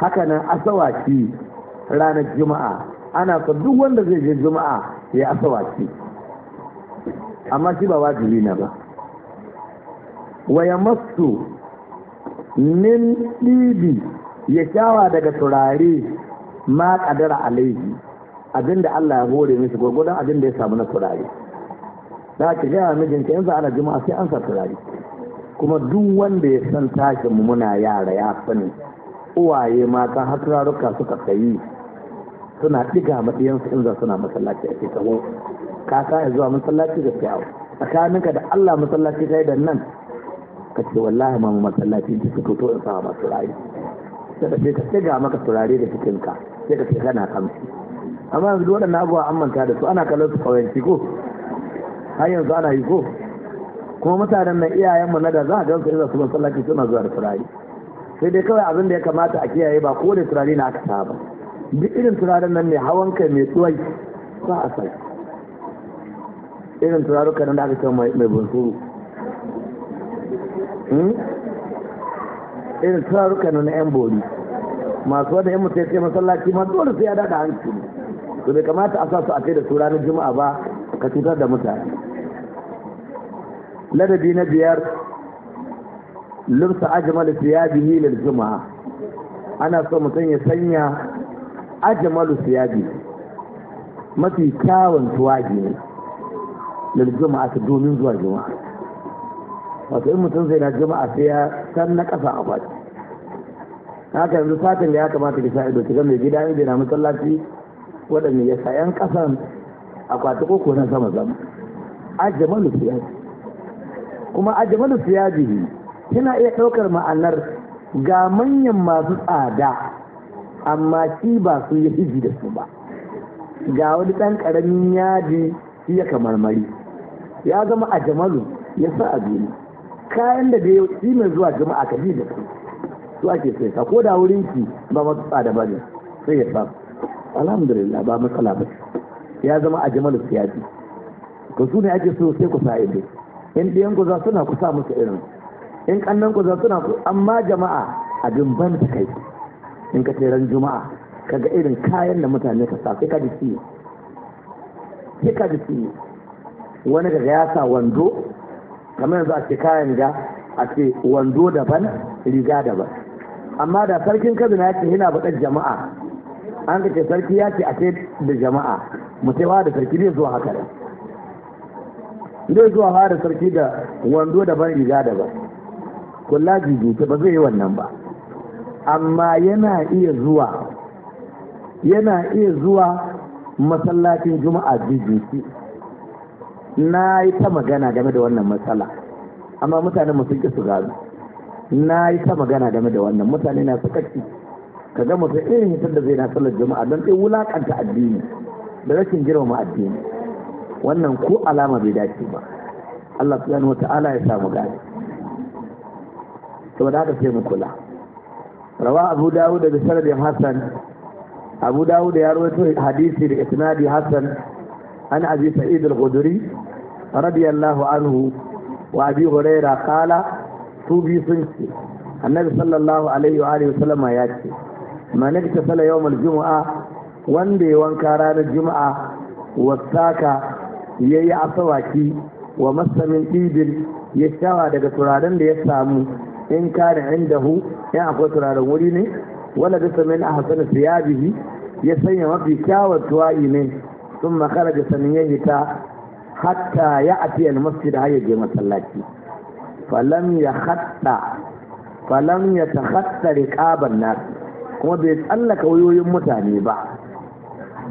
S1: hakanan asawaki ranar juma'a ana son duk wanda zai je juma'a ya asawaki amma shi ba wajibi na ba waya masu min ɗibi ya shawa daga turare ma ƙadara alaihi abinda Allah ya hore mishi gwagwadon abinda ya samu na turare za ka gaya mijinta yanzu ana jima'a sai an sa turare kuma duk wanda ya san tashin muna yara ya sani uwaye mata har turaruka suka sayi suna ɗiga matsayinsu in za suna masallaci a shekaru ka sa zuwa masallaci da fiyawa tsakaninka da Allah masallaci kai da nan ka ce wallahi mamu masallaci ki fito to in sama masu rayu sai ka ce ka ɗiga maka turare da cikinka sai ka ce kana kamshi amma yanzu waɗannan abubuwa an manta da su ana kallon su ƙauyanci ko har yanzu ana yi ko kuma mutanen nan iyayen mu na da za a gansu irin su masallaci suna zuwa da turare sai dai kawai abin da ya kamata a kiyaye ba ko da turare na aka saba duk irin turaren nan ne hawan kai mai tsuwai ba a sai irin turaruka nan da aka ce mai bunsuru hmm? irin turaruka nan na yan bori masu wanda yan mutum ya ce masallaci ma dole sai ya dada hanci to bai kamata a sa su a kai da su ranar juma'a ba ka cutar da mutane ladabi na biyar lumsa ajmal siyabihi lil juma'a ana so mutum ya sanya ajmalu siyabi mafi kyawun tuwaji ne lil juma'a ta domin zuwa juma'a wato in mutum zai na juma'a sai ya san na kasa a baki haka yanzu satin da ya kamata ki sa ido ki ga mai gida in na masallaci waɗanda ya sa yan kasan akwati ko na sama zama ajmalu siyabi kuma ajmalu siyajihi yana iya ɗaukar ma'anar ga manyan masu tsada amma shi ba su yi hiji da su ba ga wani ɗan ƙaramin yaji shi ya kamar mari ya zama a jamalu ya sa a biyu kayan da da yau shi mai zuwa jama'a ka ji da su su ake sai ka ko da wurin shi ba masu tsada ba ne sai ya ba alhamdulillah ba matsala ba ya zama a jamalu ji ko su ne ake so sai ku sa ido in ɗiyan guza suna ku sa musu irin in ƙannan guza suna ku amma jama'a abin ban ta kai in ka tseren juma'a kaga irin kayan da mutane ka sa sai ka ji ciwo sai ka ji wani daga ya sa wando kamar yanzu a ce kayan ga a ce wando daban riga daban amma da sarkin kaduna ya ce yana baɗar jama'a an ka ce sarki ya ce a ce da jama'a mutewa da sarki ne zuwa haka da zai zuwa fara sarki da wando da ban riga da ba kula jijita ba zai yi wannan ba amma yana iya zuwa yana iya zuwa masallacin juma'a jijiti na yi ta magana game da wannan matsala amma mutane sun ƙi su gano na yi ta magana game da wannan mutane na sakaki ka ga mutum irin eh, hitar da zai na tsallar juma'a don ɗin wulaƙanta addini da rashin girma addini wannan ko alama bai dace ba Allah subhanahu wata'ala ya samu gane saboda haka sai mu kula rawa abu dawud da sanadin hasan abu dawud ya rawaito hadisi da isnadi hasan an abi sa'id al-khudri radiyallahu anhu wa abi huraira qala su bi sun annabi sallallahu alaihi wa alihi wasallama ya ce man iktasala yawm al-jum'a wanda ya wanka ranar juma'a wasaka ya yi asawaki wa masamin ibil ya shawa daga turaren da ya samu in kare inda indahu in akwai turaren wuri ne wala da samin a hasana siyabihi ya sanya mafi kyawar tuwa'i ne sun makara da sanin ya hita hatta ya atiyar masjid har ya je masallaci falam ya hatta falam ya ta hatta riƙaban nasu kuma bai tsallaka wayoyin mutane ba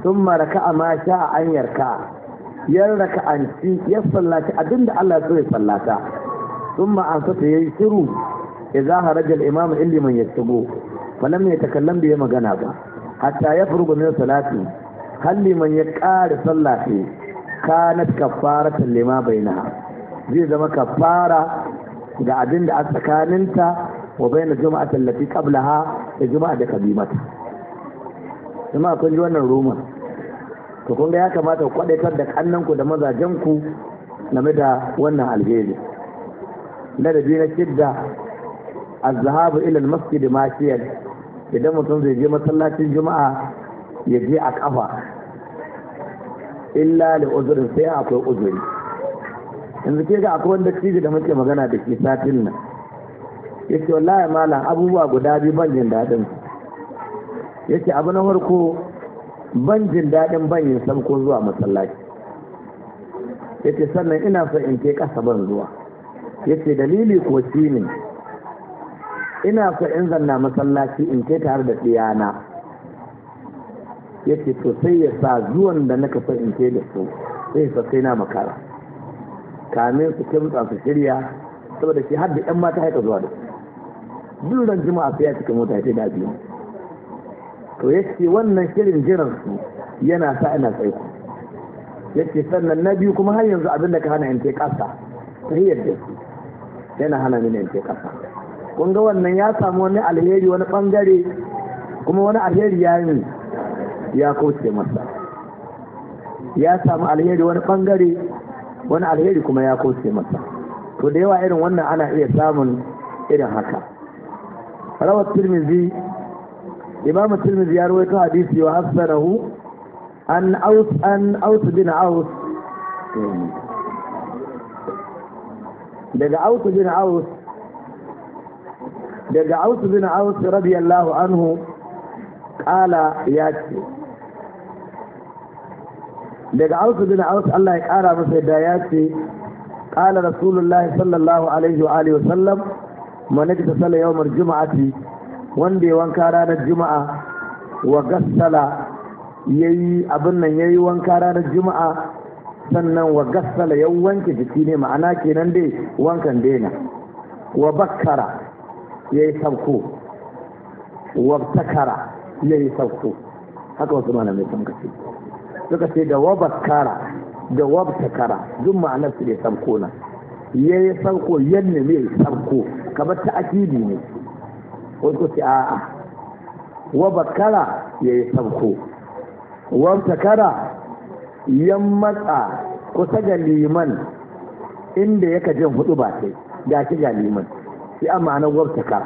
S1: sun maraka a ma sha an yarka ya raka'anci ya sallaci abinda Allah ya ya sallata sun an sata yayi shiru idza haraja al-imam illi man yashugo falam yatakallam bi magana ba hatta yafrugu min salati halli man ya ƙara sallati kanat kafaratan lima bainaha zai zama kafara da abin da a tsakaninta wa baina juma'a tallafi qablaha da juma'a da kabimata jama'a kun ji wannan roman to kun ga ya kamata ku kwadaitar da kannanku da mazajenku game da wannan alheri ladabi na shidda azhabu ila almasjid mashiyan idan mutum zai je masallacin juma'a ya je a kafa illa li uzrin sai akwai uzuri yanzu ke ga akwai wanda ciji da muke magana da ke satin nan yace wallahi malam abubuwa guda biyu ban jin daɗin yace abu na farko ban jin daɗin ban yin sabko zuwa masallaci ce sannan ina so in ke ƙasa ban zuwa Ya ce dalili ko shi ne ina so in zanna masallaci in ke tare da ɗiyana ce to sai ya sa zuwan da naka kafa in ke da su sai ya sassai na makara kamin su kimtsa su shirya saboda shi har da 'yan mata haika zuwa da su duk ran jima'a sai ya cika mota ya ce da biyu to yake wannan shirin jiran su yana sa ina ku yake sannan na biyu kuma har yanzu abin da ka hana in ce kasa sai yadda su yana hana mini in kasa kun ga wannan ya samu wani alheri wani bangare kuma wani alheri ya yi ya kauce masa ya samu alheri wani bangare wani alheri kuma ya kauce masa to da yawa irin wannan ana iya samun irin haka rawar zai. imam tirmidhi ya rawaito hadisi wa hasanahu an aus an aus bin aus daga aus bin aus daga aus bin aus radiyallahu anhu qala ya ce daga aus bin aus Allah ya kara masa da ya ce qala rasulullahi sallallahu alaihi wa alihi wa sallam man iktasala yawm al wanda ya wanka ranar juma'a wa gassala yi abin nan yi wanka ranar juma'a sannan wa gassala ya wanke jiki ne ma'ana kenan dai wankan daina wa bakkara yi sauko wa takara yi sauko haka wasu mana mai sun ce suka ce da wa bakkara da wa takara duk ma'anar su ne sauko na ya yi sauko yanne ne sauko kamar ta akidi ne wasu ce a'a wa bakara ya yi sauko wa takara ya matsa kusa ga liman inda yaka jin hudu ba sai ga shi ga liman sai amma na wabtaka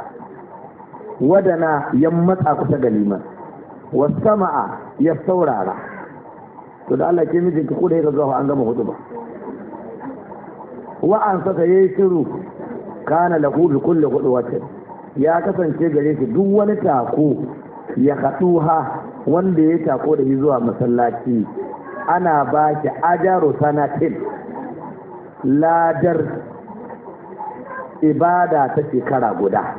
S1: wadana ya matsa kusa ga liman wasama'a ya saurara to da Allah ke mijin ki kuda ya zuwa an gama hudu ba wa an saka yayi shiru kana lahu bi kulli hudu wata ya kasance gare shi duk wani tako ya ha wanda ya tako da shi zuwa masallaci ana ba shi ajaru sanatin ladar ibada ta shekara guda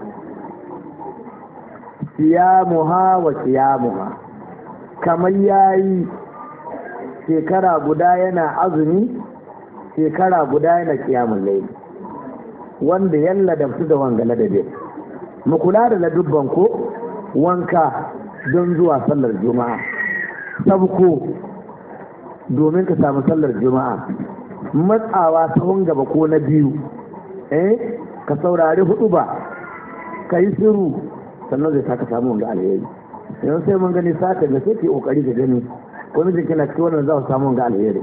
S1: siyamuha wa siyamuha kamar yayi shekara guda yana azumi shekara guda yana kiyamun laili wanda yalla da su da wanga da mu kula da ladubban ko wanka don zuwa sallar juma'a sabko domin ka samu sallar juma'a matsawa sahun gaba ko na biyu eh ka saurari hudu ba ka yi shiru sannan zai ka samu wanga alheri yanzu sai mun gani sata da sai ke kokari ka gani ko mijin kina cikin wannan za ku samu wanga alheri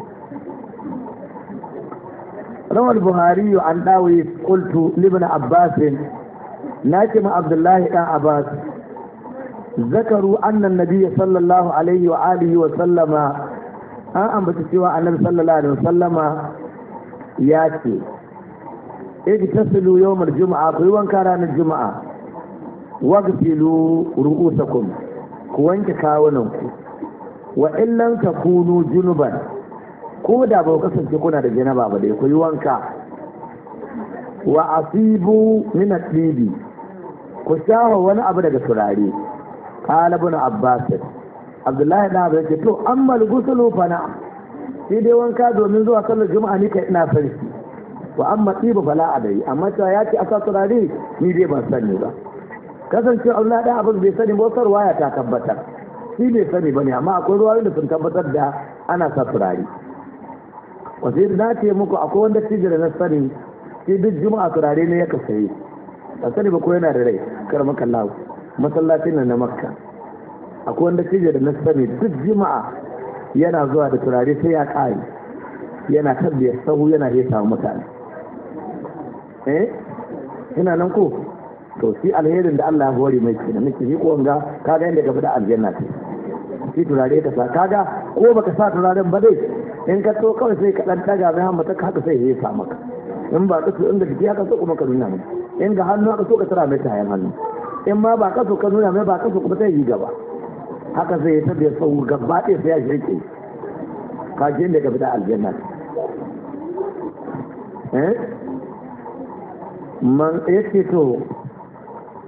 S1: روى an dawo داوود قلت libna abbasin na ce ma abdullahi ɗan abbas zakaru annan nabiya sallallahu alaihi wa alihi wa sallama an ambaci cewa annabi sallallahu alaihi wa sallama ya ce iji tasilu yawmar juma'a ku yi wanka ranar juma'a wagsilu ru'usakum ku wanke kawunanku wa illan takunu junuban ko da ba ku kuna da janaba ba dai ku yi wanka wa asibu min at ku wa wani abu daga turare qala abbasir abdullahi na abu to amma al-ghuslu na shi dai wanka domin zuwa sallar juma'a ni kai ina shi wa amma ba fala adai amma ta ya ce sa turare ni dai ban sani ba kasance na da abu bai sani ba wasu ruwaya ta tabbatar shi bai sani ba ne amma akwai ruwa da sun tabbatar da ana sa turare wasu na ce muku akwai wanda tijira na sani shi duk juma'a turare ne ya kasaye ba sani ba ko yana da rai kar maka lawo masallacin nan na makka akwai wanda cije da na sani duk jima'a yana zuwa da turare sai ya kai yana tabbiyar sahu yana iya samu mutane eh ina nan ko to shi alherin da Allah ya hore mai kina miki shi ko ga kaga inda gaba da aljanna ce shi turare ka sa kaga ko baka sa turaren ba dai in ka to kawai sai ka dan daga mai hamba ta haka sai ya samu maka in ba ka so inda kike haka so kuma ka nuna maka in ga hannu aka so ka tara mai kayan hannu in ma ba kaso ka nuna mai ba kaso kuma sai yi gaba haka zai yi tabbata sau gaba ɗaya sai ya shirke kajin da ka fita aljanna eh man yake to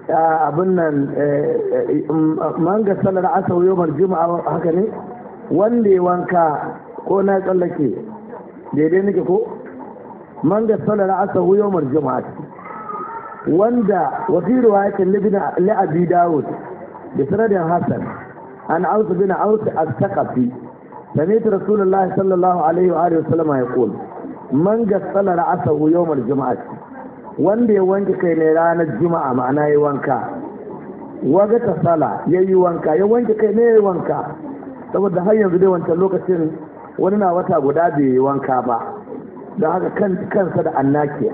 S1: abin nan eh, eh, man ga salar asau yau juma'a haka ne wanda ya wanka ko na tsallake daidai nake ko man ga salar asau yau juma'a wanda wafi riwayatin la'abi dawud da sanadin hassan an ausu bin ausu al-saqafi سمعت رسول الله wa الله عليه وآله وسلم يقول من غسل asabu يوم الجمعة wanda ya wanke kai ne ranar juma'a ma'ana ya wanka waga ta sala ya yi wanka ya wanke kai ne ya yi wanka saboda har yanzu dai wancan lokacin wani na wata guda bai yi wanka ba don haka kansa da annakiya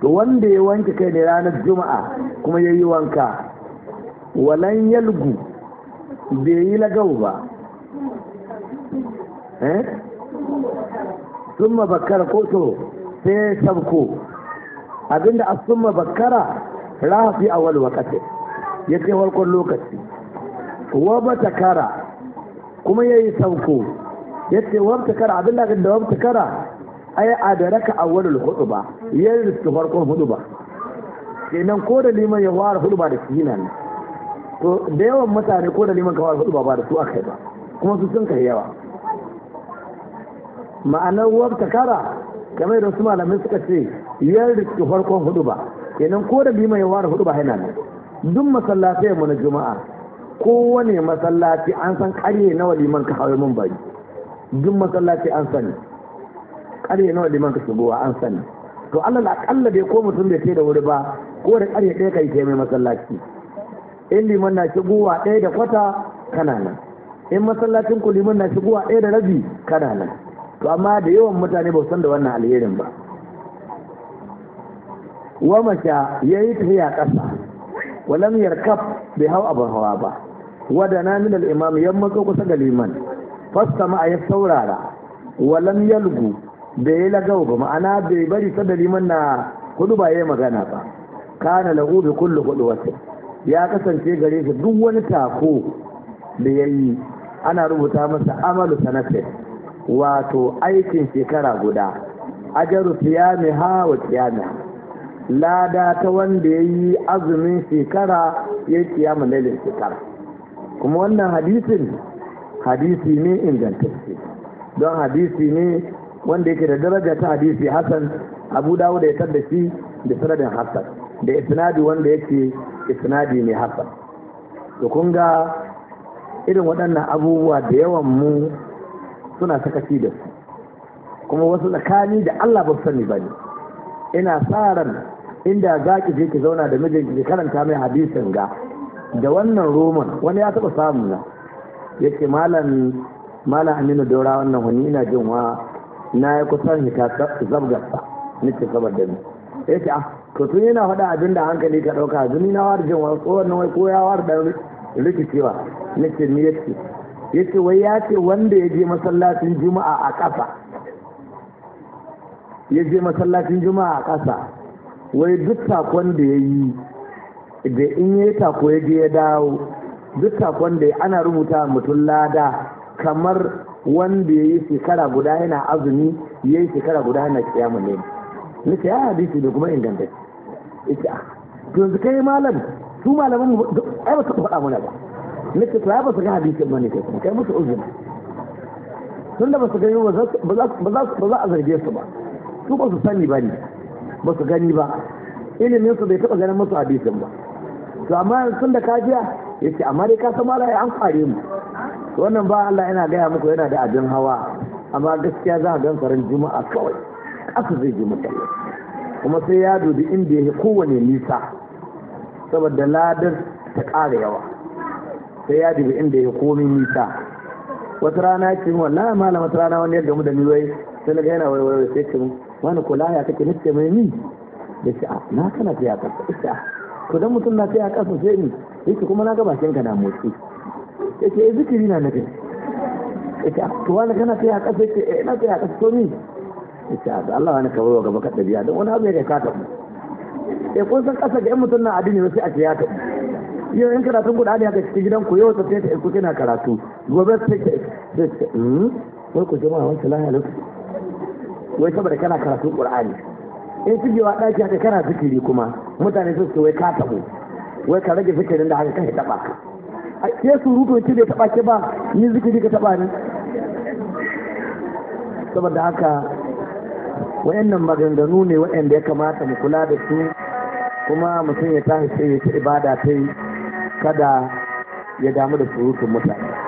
S1: to wanda ya wanke kai da ranar juma'a kuma ya yi wanka walan yalgu bai yi lagau ba eh? summa bakkara ko to sai sabko abinda a summa bakkara rafi wani wakati ya ce farkon lokaci wa ta kara kuma ya yi sabko, ya ce wabta kara abinda da wabta kara ai adaraka awwalul hudba yayin riska farkon hudba kenan ko da liman ya fara hudba da sihina ne to da yawan mutane ko da liman ka fara hudba ba da su akai ba kuma su sun kai yawa ma'anar wata kara kamar da su malamai suka ce yan su farkon hudba kenan ko da liman ya fara hudba haina ne duk masallatai mu na juma'a kowane masallaci an san karye nawa liman ka hawo mun bari duk masallaci an sani ƙarye nawa liman ka shigowa an sani to Allah na akalla bai ko mutum bai kai da wuri ba ko da ƙarye ɗaya kai ke mai masallaci in liman na shigowa ɗaya da kwata kana nan in masallacin ku liman na shigowa ɗaya da rabi kana nan to amma da yawan mutane ba san da wannan alherin ba wa masha yayi tafiya ƙasa walam yarkab bai hau abin hawa ba wadana min al-imam yamma kusa da liman fastama ya saurara walam yalgu da ya lagawa ba ma'ana bai bari ta liman na hudu ba ya magana ba kana lagu bi kullu hudu wata ya kasance gare shi duk wani tako da ya yi ana rubuta masa amalu sanatin wato aikin shekara guda ajaru mai ha wa tiyami lada ta wanda ya yi azumin shekara ya yi tiyami nalin shekara kuma wannan hadisin hadisi ne ingantacce don hadisi ne wanda yake da daraja ta hadisi hasan abu dawud ya tar shi da sanadin hasan da isnadi wanda yake isnadi ne hasan to kun ga irin waɗannan abubuwa da yawan mu suna sakaci da su kuma wasu tsakani da Allah ba sani ba ne ina sa ran inda za ki je ki zauna da mijinki ki karanta mai hadisin ga da wannan roman wani ya taɓa samu na yake malam malam aminu daura wannan wani ina jin wa na yi kusan hita zabgarsa nake saboda ni ya ce ah, to tun yana faɗa abin da hankali ka ɗauka zumi na wari jin wani tsohon wai ko ya wari ɗan rikicewa nake ni ya ce ya ce wai ya ce wanda ya je masallacin juma'a a ƙasa ya je masallacin juma'a a ƙasa wai duk takon da ya yi da in ya yi tako ya je ya dawo duk takon da ana rubuta mutum lada kamar wanda ya yi shekara guda yana azumi ya yi shekara guda yana kiyamun ah, ne na ce ya hadisi da kuma inganta ita to yanzu kai malam su malaman mu ai ba su faɗa mana ba na ce to ya ba su ga hadisin ba ne kai kuma kai musu uzuri tun da ba su gani ba za a zarge su ba su ba su sani ba ne ba su gani ba ilimin su bai taɓa ganin musu hadisin ba to amma tun da kajiya ya ce amma dai ka san malaya an kware mu wannan ba Allah yana gaya muku yana da abin hawa amma gaskiya za a gan farin juma'a kawai aka zai ji mutane kuma sai ya dubi inda ya kowane nisa saboda ladar ta ƙara yawa sai ya dubi inda ya komi nisa wata rana ce wallahi malam wata rana wani yadda mu da niwai sai na ga yana waiwaiwa sai ce wani kula ya kake nace mai ni da shi a na kana sai a ita ah, to dan mutum na sai a ƙasa sai ni yake kuma na ga bakin ka na motsi yake ce eh, zikiri na nake ita kuwa na wani kana kai a ƙasa ya ce eh na kai a ƙasa to ni ya ce a Allah wani kawai wa gaba ka ɗabi'a don wani abu ya kai kata taɓu ya eh, kun san ƙasa ga 'yan mutum na addini wasu a ce ya taɓu yau in karatun guda ne haka cikin gidan ku yau tafiya ta ku kina karatu gobe sai ta hmm? wai ku jama'a wancan lahiya lokaci wai saboda kana karatun ƙur'ani in shigewa ɗaki haka kana zikiri kuma mutane sun su wai kata taɓo wai ka rage zikirin da haka kan taɓa ka a ke surutu ce bai taba ki ba ni zikiri ka taba ni saboda haka wayannan maganganu ne wayanda ya kamata mu kula da su kuma mutum ya tashi sai ya ibada ta kada ya damu da surutun mutane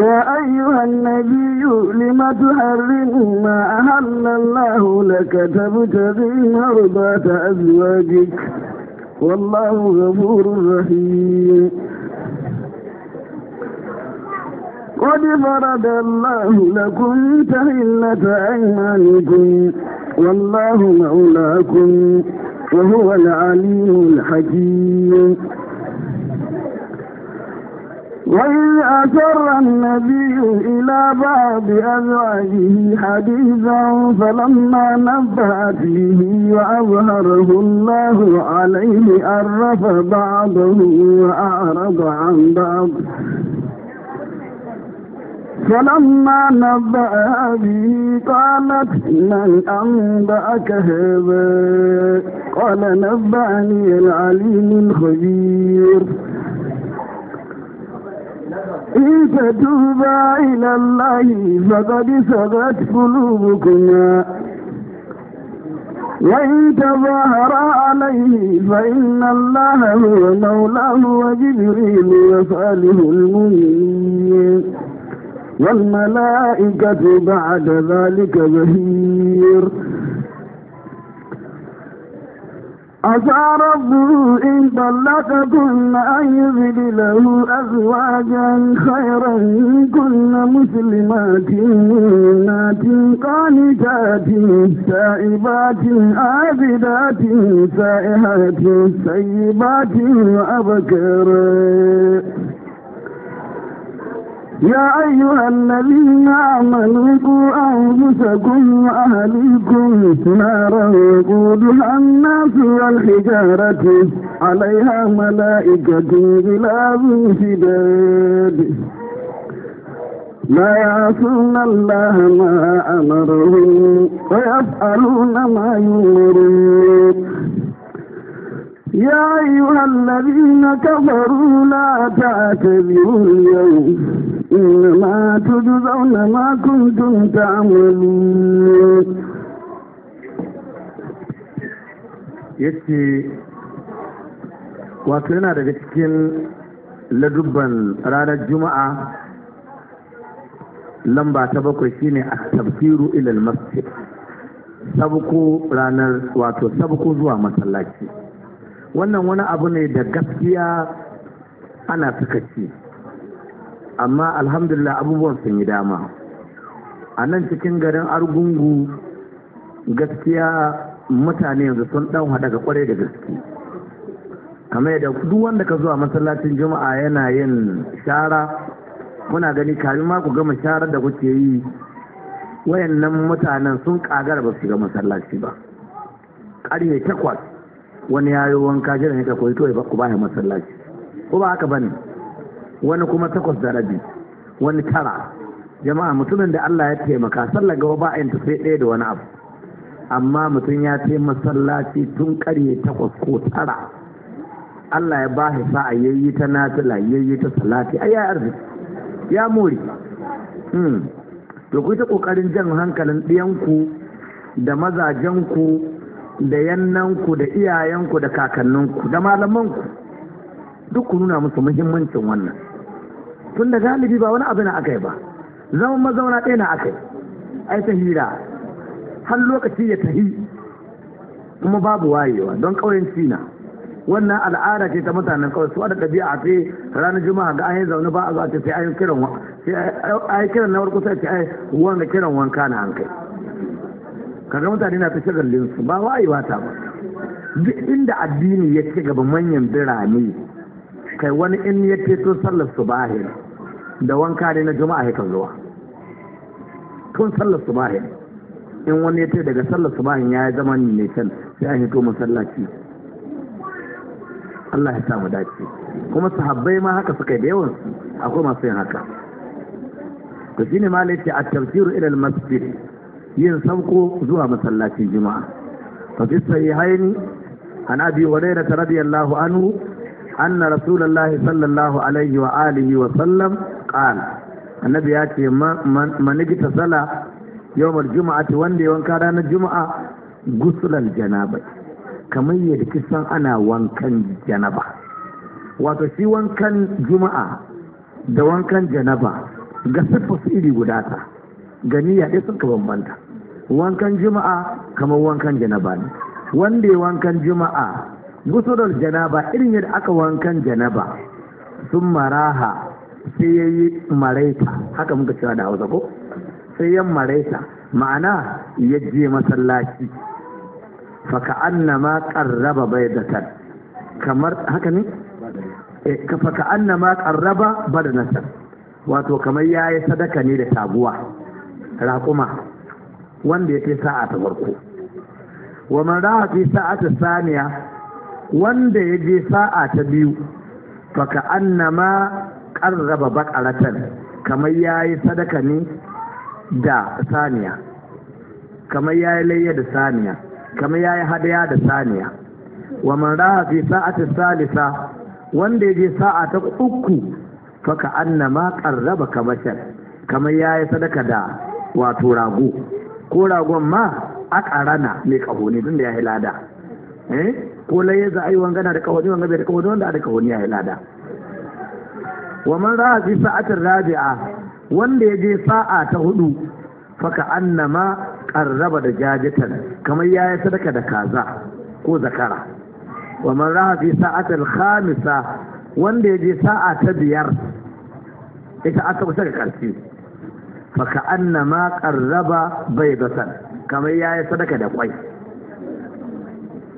S3: يا أيها النبي لم تحرم ما أهل الله لك تبتغي مرضات أزواجك والله غفور رحيم قد فرد الله لكم تحلة أيمانكم والله مولاكم وهو العليم الحكيم وإذ أسر النبي إلى بعض أزواجه حديثا فلما نبأت به وأظهره الله عليه عرف بعضه وأعرض عن بعض فلما نبأ به قالت من أنبأك هذا قال نبأني العليم الخبير إن إلى الله فقد سغت قلوبكما وإن تظاهر عليه فإن الله هو مولاه وجبريل وصالح المؤمنين والملائكة بعد ذلك ظهير عسى إن طلقكن أن يبدي له أزواجا خيرا كن مسلمات مؤمنات قانتات سائبات عابدات سائحات سيبات وأبكرا يا أيها الذين آمنوا قوا أنفسكم وأهليكم نارا وقودها الناس والحجارة عليها ملائكة غلاظ شداد لا يعصون الله ما أمرهم ويفعلون ما يؤمرون يا أيها الذين كفروا لا تعتذروا اليوم إنما تجزون ما كنتم تعملون yace
S1: wato yana daga cikin ladubban ranar juma'a lamba ta bakwai shine a tafsiru ilal masjid sabko ranar wato sabko zuwa masallaci wannan wani abu ne da gaskiya ana sakaci amma alhamdulillah abubuwan sun yi dama a nan cikin garin argungu gaskiya mutane yanzu sun dan hada ga kwarai da gaske kamar yadda duk wanda ka zuwa masallacin juma'a yana yin shara muna gani kafin ma ku gama shara da kuke yi wayannan mutanen sun kagara ba su ga masallaci ba ƙarfe takwas wani ya yi wanka ne ne koyi to ku ba masallaci ko ba haka bane wani kuma takwas da rabi wani tara jama'a mutumin da Allah ya taimaka sallar gaba ba yanta sai ɗaya da wani abu amma mutum ya ce masallaci tun karye takwas ko tara Allah ya ba shi sa'a yayi ta nafila yayi ta salati ai ya arziki ya mori hmm. to ku ta kokarin jan hankalin ɗiyanku da mazajen ku. da yannanku da iyayenku da kakanninku da malamanku duk ku nuna musu muhimmancin wannan tun da galibi ba wani abu na aka yi ba zaman mazauna ɗaya na aka yi ai ta hira har lokaci ya tahi kuma babu wayewa don ƙauyen cina wannan al'ada ce ta mutanen kawai su da ɗabi'a ce ranar juma'a ga ayin zaune ba a zuwa ce sai ayin kiran na warkusa ce ayin wanga kiran wanka na hankali kaga mutane na ta shagallin su ba wayewa ta ba duk inda addini ya ci gaba manyan birane kai wani in ya teto sallar su bahin, da wanka ne na juma'a ya kan zuwa tun sallar su bahin. in wani ya ce daga sallar su bahin ya yi zama ne can sai an hito masallaci Allah ya samu dace kuma sahabbai ma haka suka yi da yawan akwai masu yin haka to shine ma laifi a tafsiru ila al-masjid yin sauko zuwa masallacin juma'a fa fi sahihain an abi hurairah radiyallahu anhu anna rasulullahi sallallahu alaihi wa alihi wa sallam qala annabi ya ce man ta sala juma'a juma'ati wanda ya wanka ranar juma'a gusulan janabai kamar yadda kisan ana wankan janaba wato shi wankan juma'a da wankan janaba ga siffa su iri guda ta gani ya ɗaya sun ka bambanta wankan juma'a kamar wankan janaba ne wanda ya wankan juma'a gusurar janaba irin yadda aka wankan janaba sun maraha sai ya yi maraita haka muka cewa da hausa ko sai ya maraita ma'ana ya je masallaci faka annama karraba bai da zatar kamar haka ne faka eh, annama karraba bada nasar wato kamar ya yi sadaka ne da taguwa raƙuma wanda ya kai sa'a ta farko wa man raha fi sa'ati saniya wanda ya je sa'a ta biyu fa ka annama qarraba baqaratan kamar yayi sadaka ne da saniya kamar yayi layya da saniya kamar yayi hadaya da saniya wa man raha fi sa'ati salisa wanda ya je sa'a ta uku fa ka annama qarraba kamar yayi sadaka da wato rago ko ragon ma a ƙarana mai ƙaho ne tun da ya hilada eh ko laye za a yi wangana da ƙaho ne wanga bai da ƙaho ne wanda da ƙaho ne ya hilada wa man ra'a fi sa'atin rabi'a wanda ya je sa'a ta hudu fa ka annama qarraba da jajatan kamar ya yi sadaka da kaza ko zakara wa man ra'a fi sa'atin khamisa wanda ya je sa'a ta biyar ita aka kusa ga ƙarshe faka anna ma qarraba baydatan kamar yayi sadaka da kwai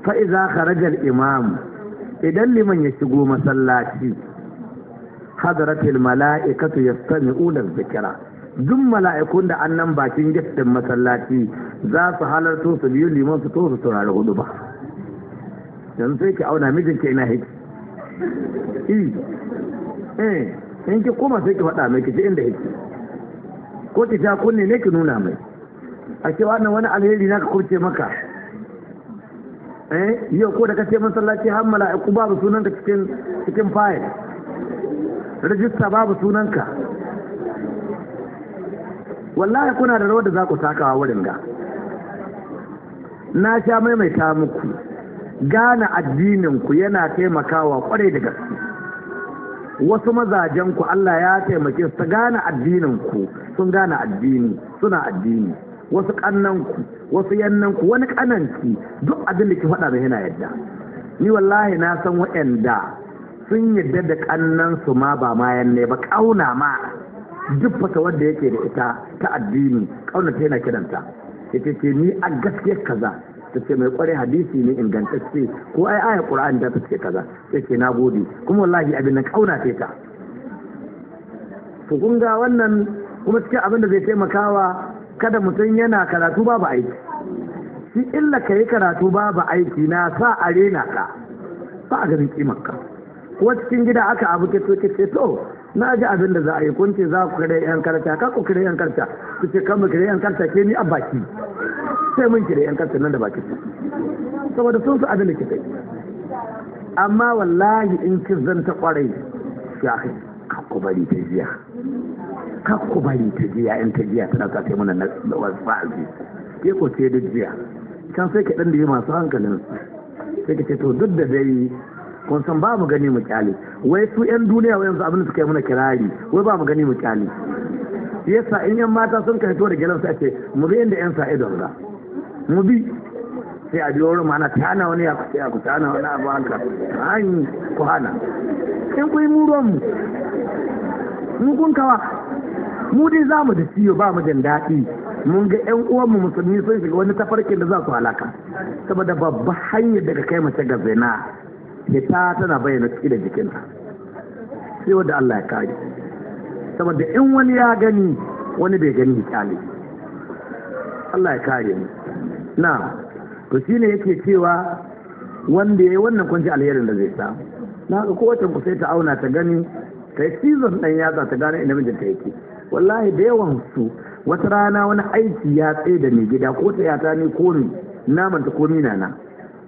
S1: fa idza kharaja al imam idan liman ya shigo masallaci hadratil mala'ikatu yastami'una dhikra duk mala'ikun da annan bakin gittin masallaci za su halarto su biyu liman su to su saurari hudu ba yanzu sai ki auna mijinki ina hiki eh in ki kuma sai ki faɗa mai ki ji inda hiki ko ki sha kunne ne ki nuna mai a ce wannan wani alheri na ka kurce maka eh yau ko da ka ce masallaci har mala'iku babu ka cikin cikin fayil rajista babu sunanka wallahi kuna da rawar da za ku takawa wurin ga na sha maimaita muku gane addininku yana taimakawa kwarai da gaske wasu mazajenku Allah ya taimake su ta gane addininku sun gane addini suna addini wasu ƙannanku wasu yannanku wani kananki duk abin da ki faɗa mai yana yadda ni wallahi na san waɗanda sun yadda da ƙannansu ma ba ma yanne ba ƙauna ma duk fata wanda yake da ita ta addini ƙauna ta yana kiranta ita ce ni a gaskiyar kaza ta ce mai kware hadisi ne ingantacce ko ai aya qur'ani da ta ce kaza ce na gode kuma wallahi abin nan kauna ta to kun ga wannan kuma cikin abin da zai taimakawa kada mutum yana karatu babu aiki shi illa ka yi karatu babu aiki na sa a rena ka ba a ganin ka, kuma cikin gida aka abu ke to ke to na ji abin da za a yi kun ce za ku kare yan karta ka ku kare yan karta ku ce kan mu kare yan karta ke ni a baki sai mun kare yan karta nan da baki saboda sun su abin da kike amma wallahi in kin zanta kwarai ya kai ka ku bari ta jiya kakku bari ta jiya in ta jiya tana sa ta yi mana na wa'azi ke ko ce duk jiya can sai ka ɗan da yi masu hankalin sai ka ce to duk da dai kun san ba mu gani mu kyale wai su yan duniya wa yanzu abin da suka yi mana kirari wai ba mu gani mu kyale yasa in yan mata sun kai to da gidan sai ce mu bi inda yan sa'i don ga mu bi sai a biyo wurin mana ta hana wani ya kusa ya kusa hana wani abu haka an ku hana in ku yi mu mu mu kun kawa mu dai za mu da ciwo ba mu jin daɗi mun ga ƴan uwanmu musulmi sun shiga wani tafarkin da za su halaka saboda babba hanyar daga kai mace ga zina ta tana bayyana ciki da jikinta sai wanda Allah ya kare saboda in wani ya gani wani bai gani kyale Allah ya kare mu na to shine yake cewa wanda yayi wannan kwanci alherin da zai samu na ga kowace ku sai ta auna ta gani ta yi season ɗan yaza ta gane inda mijinta yake wallahi da yawan su wata rana wani aiki ya tsaye da mai gida ko ta yata ni ko ni naman ta komi na na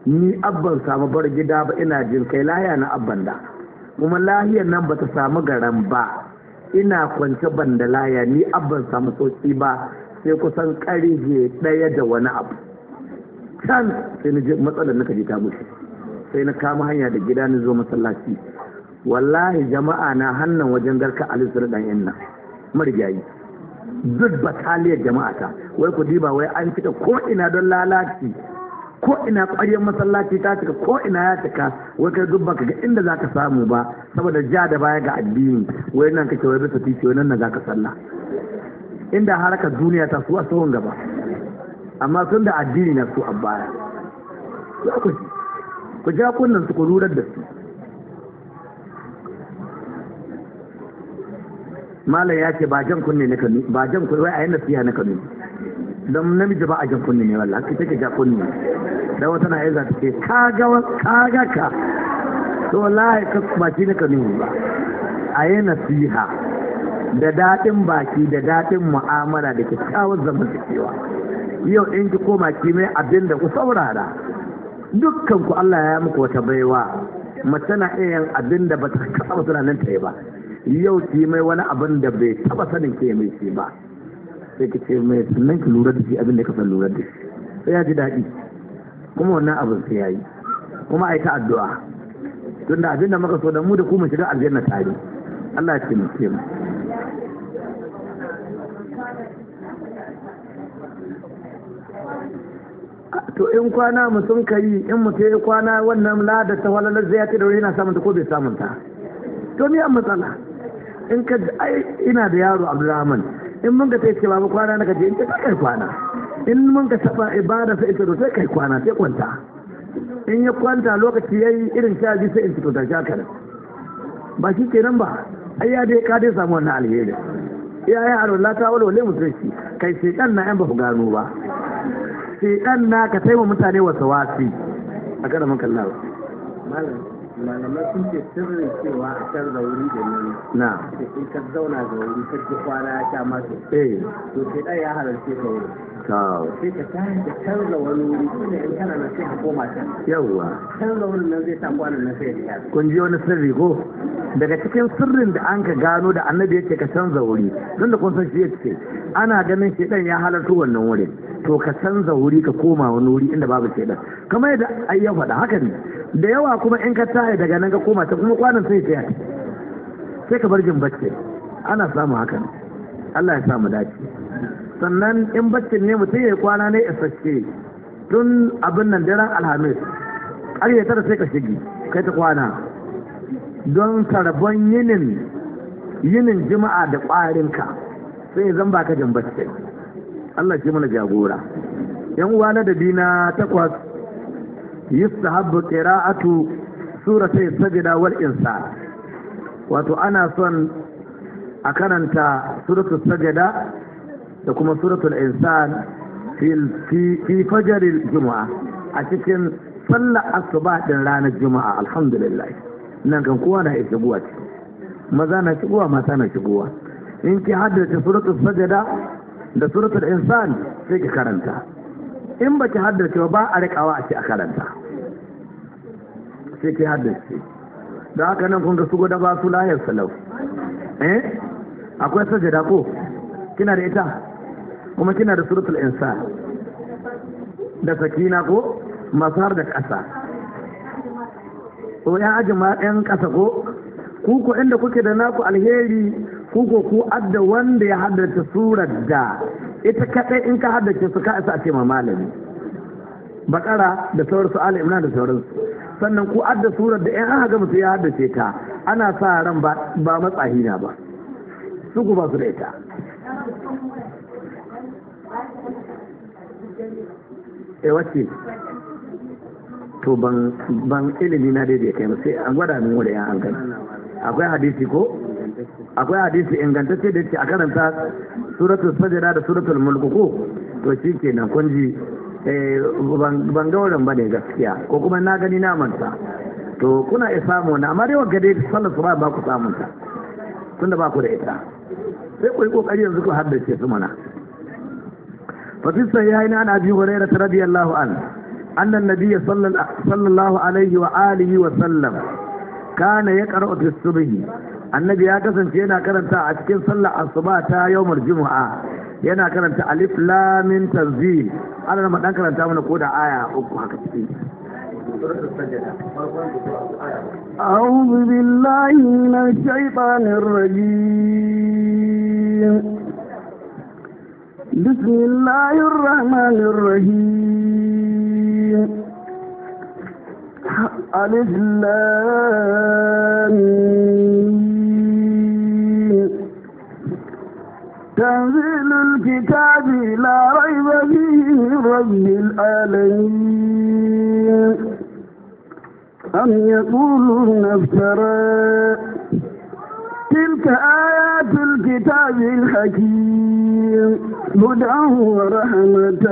S1: ni abban samu bar gida ba ina jin kai lahiya na abban da kuma lahiyar nan ba ta samu garan ba ina kwance ban da laya ni abban samu sauki ba sai kusan karige daya da wani abu can sai na je matsalar na kaji ta mutu sai na kama hanya da gida na zo masallaci wallahi jama'a na hannan wajen garka alisir ɗan yin nan marigayi duk taliyar jama'ata wai ku diba wai an fita ko ina don lalaci ko ina ƙwaryar masallaci ta cika ko ina ya cika wai kai duk baka ga inda za ka samu ba saboda ja da baya ga addini wai nan kake wai bisa titi wai nan na za ka sallah inda haraka duniya ta su a tsohon gaba amma sun da addini na su a baya ku ja kunnen su ku rurar da su malam ya ce ba jan kunne ne kanu ba jan kunne wai a yana siya na kanu don namiji ba a jan kunne ne wallah haka take ja kunne da wata na yanzu ta ce kaga kaga ka to wallahi ka ba shi na kanu ba a yi nasiha da daɗin baki da daɗin mu'amala da zaman cewa yau in ki koma ki mai abin da ku saurara dukkan ku Allah ya muku wata baiwa mace na iya yin abin da bata taɓa tunanin ta yi ba yau ki mai wani abin da bai taba sanin ke mai shi ba sai ki ce mai sannan ki lura da shi abin da ka san lura da shi sai ya ji daɗi kuma wannan abin sai ya yi kuma a yi tun da abin da muka so da mu da ku mu shiga aljanna tare Allah ya ce mu ce mu to in kwana mu sun kai in mu ta kwana wannan ladar ta walalar zai ya ce da wuri yana samunta ko bai samunta to ni an matsala in ka ai ina da yaro abdulrahman in mun ka ta ce babu kwana na kaje in ka kai kwana in mun ka saba ibada sai ita sai kai kwana sai kwanta in ya kwanta lokaci yayi irin ta sai in fito ta ba shi kenan ba ai ya dai ka dai samu wannan alheri ya iyayen alwala ta wala wale musulunci kai shekan na yan ba ku gano ba shekan na ka taimaka mutane wasu wasi a karamin kallawa malam malamai sun ce sirrin cewa a can da wuri da ne na da in ka zauna da wuri ka ji kwana ya sha masu eh to sai ɗaya ya halarce ka wuri kawo sai ka tashi da can da wani wuri kuma in kana na sai ka koma can yawwa can da wurin nan zai sa kwanan na sai ya kun ji wani sirri ko daga cikin sirrin da an ka gano da annabi yake ka canza wuri don da kun san shi yake ana ganin shi ya halarci wannan wurin to ka canza wuri ka koma wani wuri inda babu shaidan kamar yadda ai ya haka ne da yawa kuma in ka taya daga nan ka koma ta kuma kwanan sai ta sai ka bar jin bacci ana samu hakan Allah ya samu dace sannan in baccin ne mutum ya kwana ne isasshe tun abin nan daren alhamis ƙarfe tara sai ka shigi kai ta kwana don tarbon yinin yinin jima'a da ƙwarinka sai zan baka jin bacci Allah ke mana jagora yan uwa da dina takwas yustahabbu qira'atu suratai sajda wal insa wato ana son a karanta suratul sajda da kuma suratul insan fi fajaril juma'a a cikin sallar asuba din ranar juma'a alhamdulillah nan kan kowa na shigowa maza na shigowa mata na shigowa in ki haddace suratul sajada da suratul insan sai ki karanta in baki haddace ba a rikawa a ce a karanta sai ki haddace da haka nan kun ga su goda ba su lahiyar salau eh akwai da ko kina da ita kuma kina da suratul insan da sakina ko masar da ƙasa ko ya ajima ƴan ƙasa ko ku ko inda kuke da naku alheri Kuko ko ku adda wanda ya haddace surar da ita kadai in ka haddace su ka isa a ce ma malami bakara da sauransu ali imran da sauransu sannan ku adda surar da in an haga musu ya haddace ta ana sa ran ba ba matsahina ba su ku ba su da ita e eh, wace to ban ilimi na daidai kai ba sai an gwada min wurin an gani akwai hadisi ko akwai hadisi ingantacce da yake a karanta suratul sajada da suratul mulku ko to shi kenan kun ji eh, ban gauran ba ne gaskiya ko kuma na gani na manta to kuna iya samu na amma dai wagga dai sallar su ba ku samun ta tunda ba ku da ita sai ku yi kokari yanzu ku haddace su mana ففي na عن ابي هريره رضي an عنه nabiyyi sallallahu alaihi wa alihi wa sallam, kana yaqra'u bis-subhi annabi ya kasance yana karanta a cikin sallar asuba ta yawmar juma'a yana karanta alif lam mim tanzil
S3: ana ma dan karanta mana ko da aya uku haka ciki أعوذ بالله من الشيطان الرجيم بسم الله الرحمن الرحيم تنزيل الكتاب لا ريب فيه من رب العالمين أم يقولون افترى تلك آيات الكتاب الحكيم هدى ورحمة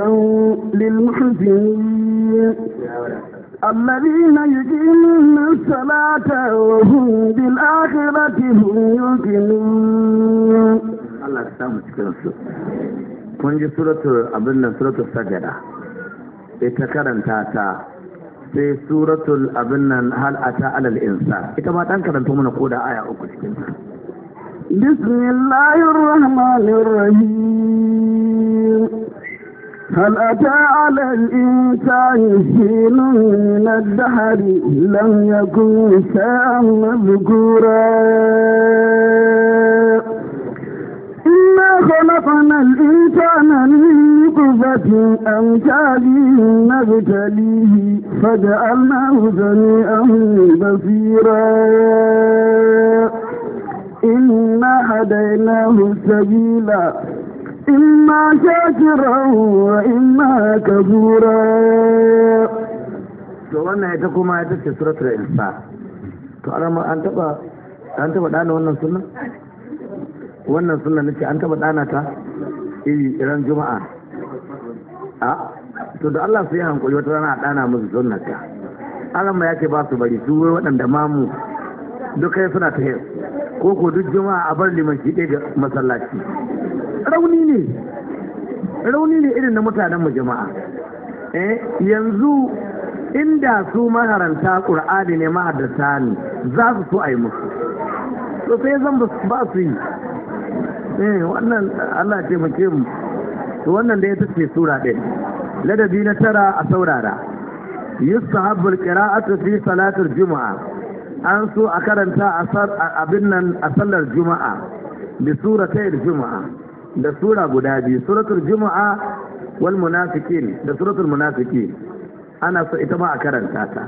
S3: للمحسنين الذين يقيمون الصلاة وهم بالآخرة هم يوقنون
S1: Allah ka samu cikin su kun ji suratul abin nan suratul sajada ita karanta ta sai suratul abin nan hal ata alal insa ita ma dan karanta mana koda aya uku cikin ta
S3: bismillahir rahmanir rahim هل أتى على الإنسان حين من الدهر لم يكن شيئا مذكورا إنا خلقنا الإنسان من نطفة أمثاله نبتليه فجعلناه سميعا بصيرا إنا هديناه السبيل إما شاكرا وإما كفورا
S1: wannan ita kuma ita ce suratul insa to an an taba an taba dana wannan sunna wannan sunna nace an taba dana ta
S2: iri ran juma'a
S1: a to da Allah su yi hankali wata rana a dana musu sunna ta Allah ma yake ba su bari su wai waɗanda mamu duka suna ta ko ko duk juma'a a bar liman shi ɗaya masallaci rauni ne rauni ne irin na mutanen mu jama'a eh yanzu inda su maharanta ƙur'ani ne mahaddata ne za su so a musu to sai zan ba su yi eh wannan Allah ce mu to wannan da ya tace sura ɗin ladabi na tara a saurara yustahabbu alqira'atu fi salatil juma'a an so a karanta a abin a sallar juma'a bi suratai juma'a da sura guda biyu suratul juma'a wal munafiqin da suratul munafiqin ana so ita ma a karanta ta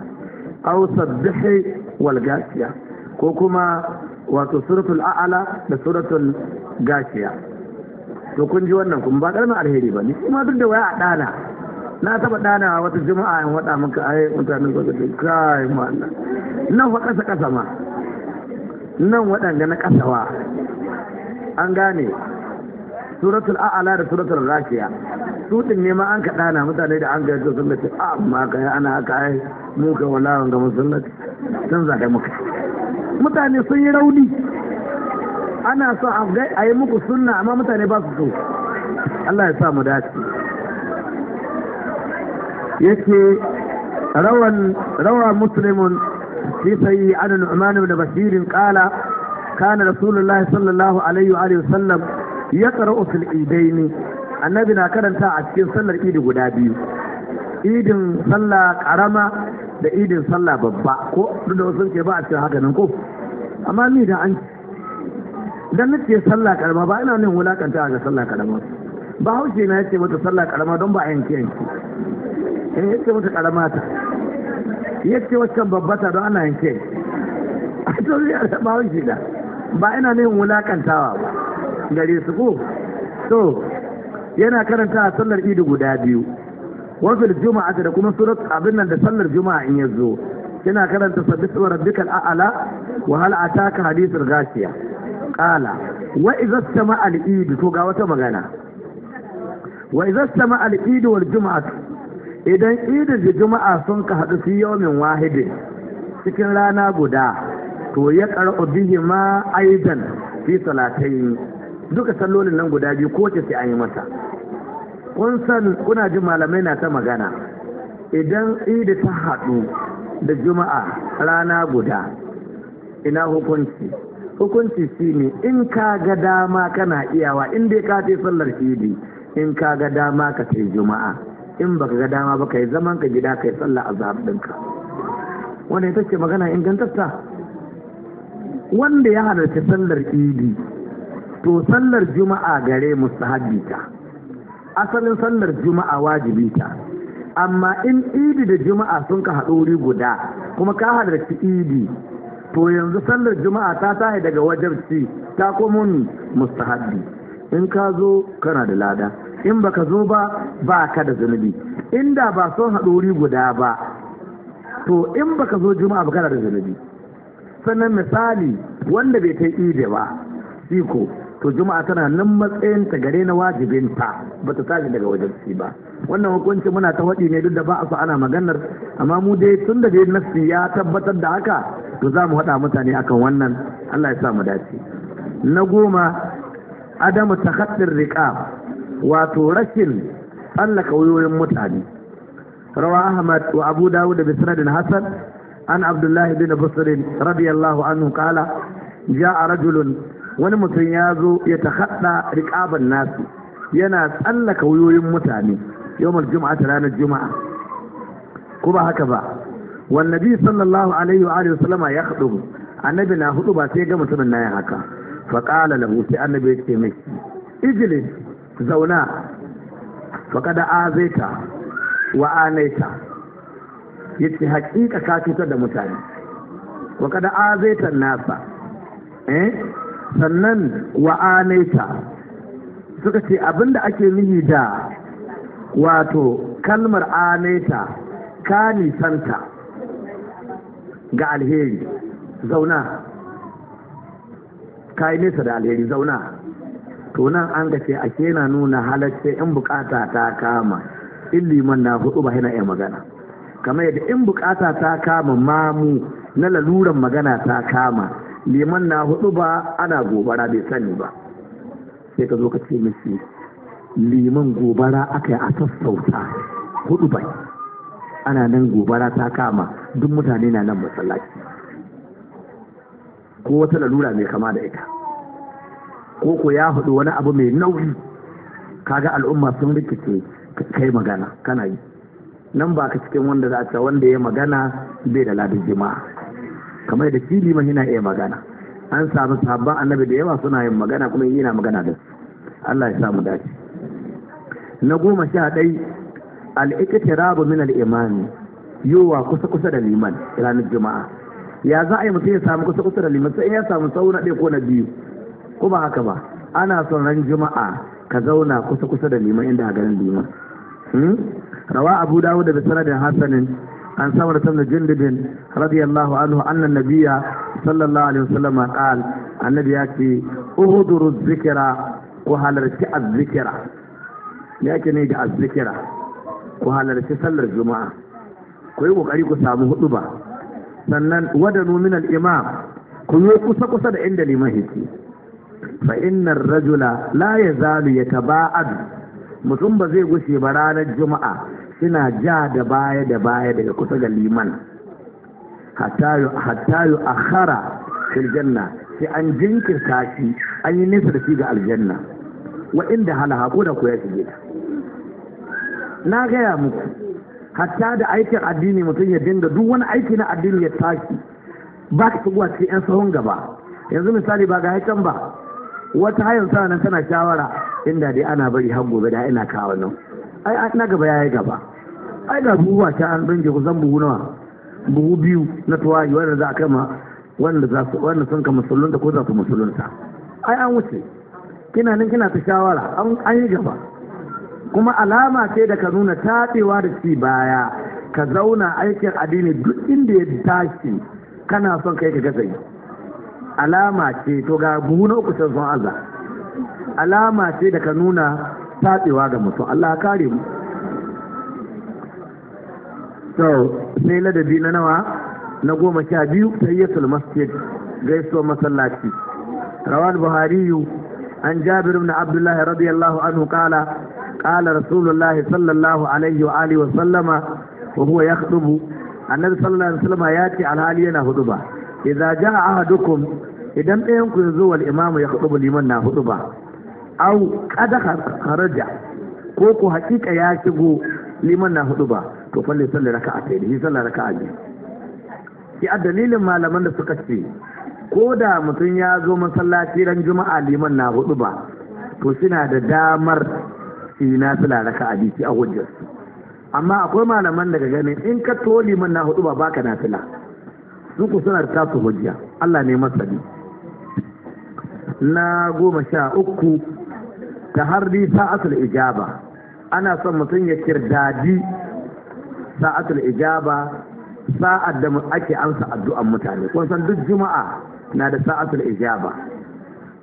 S1: aw sabbihi wal gashiya ko kuma wato suratul a'la da suratul gashiya to kun ji wannan kuma ba karamin alheri ba ni kuma duk da waya a dana na taba dana wata juma'a in wada maka ai mutanen ko da kai ma nan fa kasa kasa ma nan waɗanda na kasawa an gane suratul a'ala da suratul rashiya su din ne ma an ka dana mutane da an ga su sun ce a ah, amma kai ana haka ai mu ka wallahi ga san sun zaka muka mutane sun yi rauni ana so a ga muku sunna amma mutane ba su so Allah ya sa mu dace yake rawan rawa muslimun fi sayyi an umman ibn basir qala kana rasulullahi sallallahu alaihi wa alihi wasallam ya tsaro fil idaini annabi na karanta a cikin sallar idi guda biyu idin sallah karama da idin sallah babba ko duk da wasu ke ba a cikin haka nan ko amma ni da an dan nake sallah karama ba ina nan wulakanta ga sallah karama ba hauke na yace mata sallah karama don ba a yanke yanke eh yace mata karama ta yace waccan babbata don ana yanke a to ya ba hauke da ba ina nan wulakantawa ba gare su ko so yana karanta a sallar idi guda biyu wafil juma'a da kuma surat abin nan da sallar juma'a in ya zo yana karanta sabbitu wa rabbikal a'ala wa hal ataka hadithul gashiya qala wa idza sama al id to ga wata magana wa idza sama al id wal juma'a idan idin da juma'a sun ka hadu fi yawmin wahidin cikin rana guda to ya qara'u bihi ma aidan fi salatayn duka sallolin nan guda biyu ko sai an yi mata kun san kuna jin malamai na ta magana idan idi ta haɗu da juma'a rana guda ina hukunci hukunci shi ne in ka ga dama kana iyawa in dai ka ce sallar idi in ka ga dama ka ce juma'a in baka ga dama ba ka yi zaman ka gida ka yi sallah azhar ɗinka wanda ita ce magana ingantatta wanda ya halarci sallar idi to sallar juma'a gare mustahabbi ta asalin sallar juma'a wajibi ta amma in idi da juma'a sun ka haɗu wuri guda kuma ka halarci idi to yanzu sallar juma'a ta tahi daga wajabci ta komo ni mustahabbi in ka zo kana da lada in baka zo ba ba ka da zunubi inda ba sun haɗu wuri guda ba to in baka zo juma'a ba kana da zunubi sannan misali wanda bai kai idi ba siko to juma'a tana nan matsayin ta gare na wajibin ta bata tashi daga shi ba wannan hukunci muna ta faɗi ne duk da ba a so ana maganar amma mu dai tun da dai nafsi ya tabbatar da haka to za mu haɗa mutane akan wannan Allah ya sa mu dace na goma adamu haɗin riƙa wato rashin tsallaka wayoyin mutane rawa ahmad wa abu dawud bi sanadin hasan an abdullahi bin busr radiyallahu anhu qala جاء رجل wani mutum ya zo ya ta haɗa riƙaban nasu yana tsallaka wuyoyin mutane yawon juma'a ta ranar juma'a ku ba haka ba wannabi sallallahu alaihi wa alihi wasallama ya haɗu annabi na hudu ba sai ga mutumin na yin haka fa qala lahu sai annabi ya ce mai ijlis zauna fa kada azaita wa anaita yace haƙiƙa ka cutar da mutane wa kada azaita nasa eh sannan wa'anaita suka ce abinda ake nihi da wato kalmar anaita ka nisanta ga alheri zauna ka yi nesa da alheri zauna to nan an ga ce ake na nuna halarci in bukata ta kama in liman na hudu ba hina iya magana kamar yadda in bukata ta kama mamu na laluran magana ta kama liman na hudu ba ana gobara bai sani ba sai ka zo ka ce mishi liman gobara aka yi a sassauta hudu bai ana nan gobara ta kama duk mutane na nan masallaci ko wata lalura mai kama da ita ko ko ya hudu wani abu mai nauyi kaga al'umma sun rikice kai magana kana yi nan ba ka cikin wanda za a wanda ya magana bai da ladin jima'a kamar da shi liman yana iya magana an samu sabon annabi da yawa suna yin magana kuma yana magana da su Allah ya samu dace na goma sha ɗai al-iqtirabu min al-imani yowa kusa kusa da liman ranar juma'a ya za a yi mutum ya samu kusa kusa da liman sai ya samu sau na ɗaya ko na biyu ko ba haka ba ana son ran juma'a ka zauna kusa kusa da liman inda a garin liman hmm? rawa abu dawud da sanadin hasanin عن da بن جندب رضي الله عنه أن النبي صلى الله عليه وسلم قال النبي يأتي أهدر الذكرى وهل رجع الذكرى لكن يجع الذكرى وهل رجع صلى الجمعة ku yi ƙoƙari ku samu hudu ba sannan wadanu min al-imam ku yi kusa kusa da inda liman yake fa innar rajula la yazalu yataba'ad mutum ba zai gushe ba ranar juma'a suna ja da baya da baya daga kusa ga liman hatta yu a fil janna sai an jinkirta shi an yi nesa da shi ga aljanna wa inda halaha ko da ku ya na gaya muku hatta da aikin addini mutum ya dinga duk wani aiki na addini ya tashi ba ka tuguwa cikin 'yan sahun gaba yanzu misali ba ga haikan ba wata hayan sa nan tana shawara inda dai ana bari har gobe da ina kawo nan ai na gaba yayi gaba ai ga buhu ta an ringe kusan buhu nawa buhu biyu na tuwaji wanda za a kama wanda za su wanda sun ka da ko za su ta ai an wuce kina nan kina ta shawara an yi gaba kuma alama ce da ka nuna tatsewa da ci baya ka zauna aikin addini duk inda ya tashi kana son kai ka gaza alama ce to ga buhu na uku sun aza alama ce da ka nuna tatsewa ga mutum Allah kare mu so sai ladabi na nawa na goma sha biyu tayyatul masjid gaisuwar masallaci rawal buhariyu an jabir ibn abdullah radiyallahu anhu qala qala rasulullahi sallallahu alaihi wa alihi wa sallama wa huwa yakhdubu annabi sallallahu alaihi wa sallama ce alhali yana huduba idza jaa ahadukum idan ɗayan ku yazo wal imamu ya hudubu liman na huduba au qad kharaja ko ku hakika ya shigo liman na huduba to falle sallar raka'a ta yi sallar a biyu ki a dalilin malaman da suka ce ko da mutum ya zo masallaci ran juma'a liman na hudu ba to suna da damar shi na raka a biyu a hujjar amma akwai malaman daga ganin in ka to liman na hudu ba baka na sula su ku suna da tasu hujja Allah ne masani na goma sha uku ta harbi asali ijaba ana son mutum ya kirdadi sa'atul ijaba sa'ad da ake amsa addu'an mutane kun san duk juma'a na da sa'atul ijaba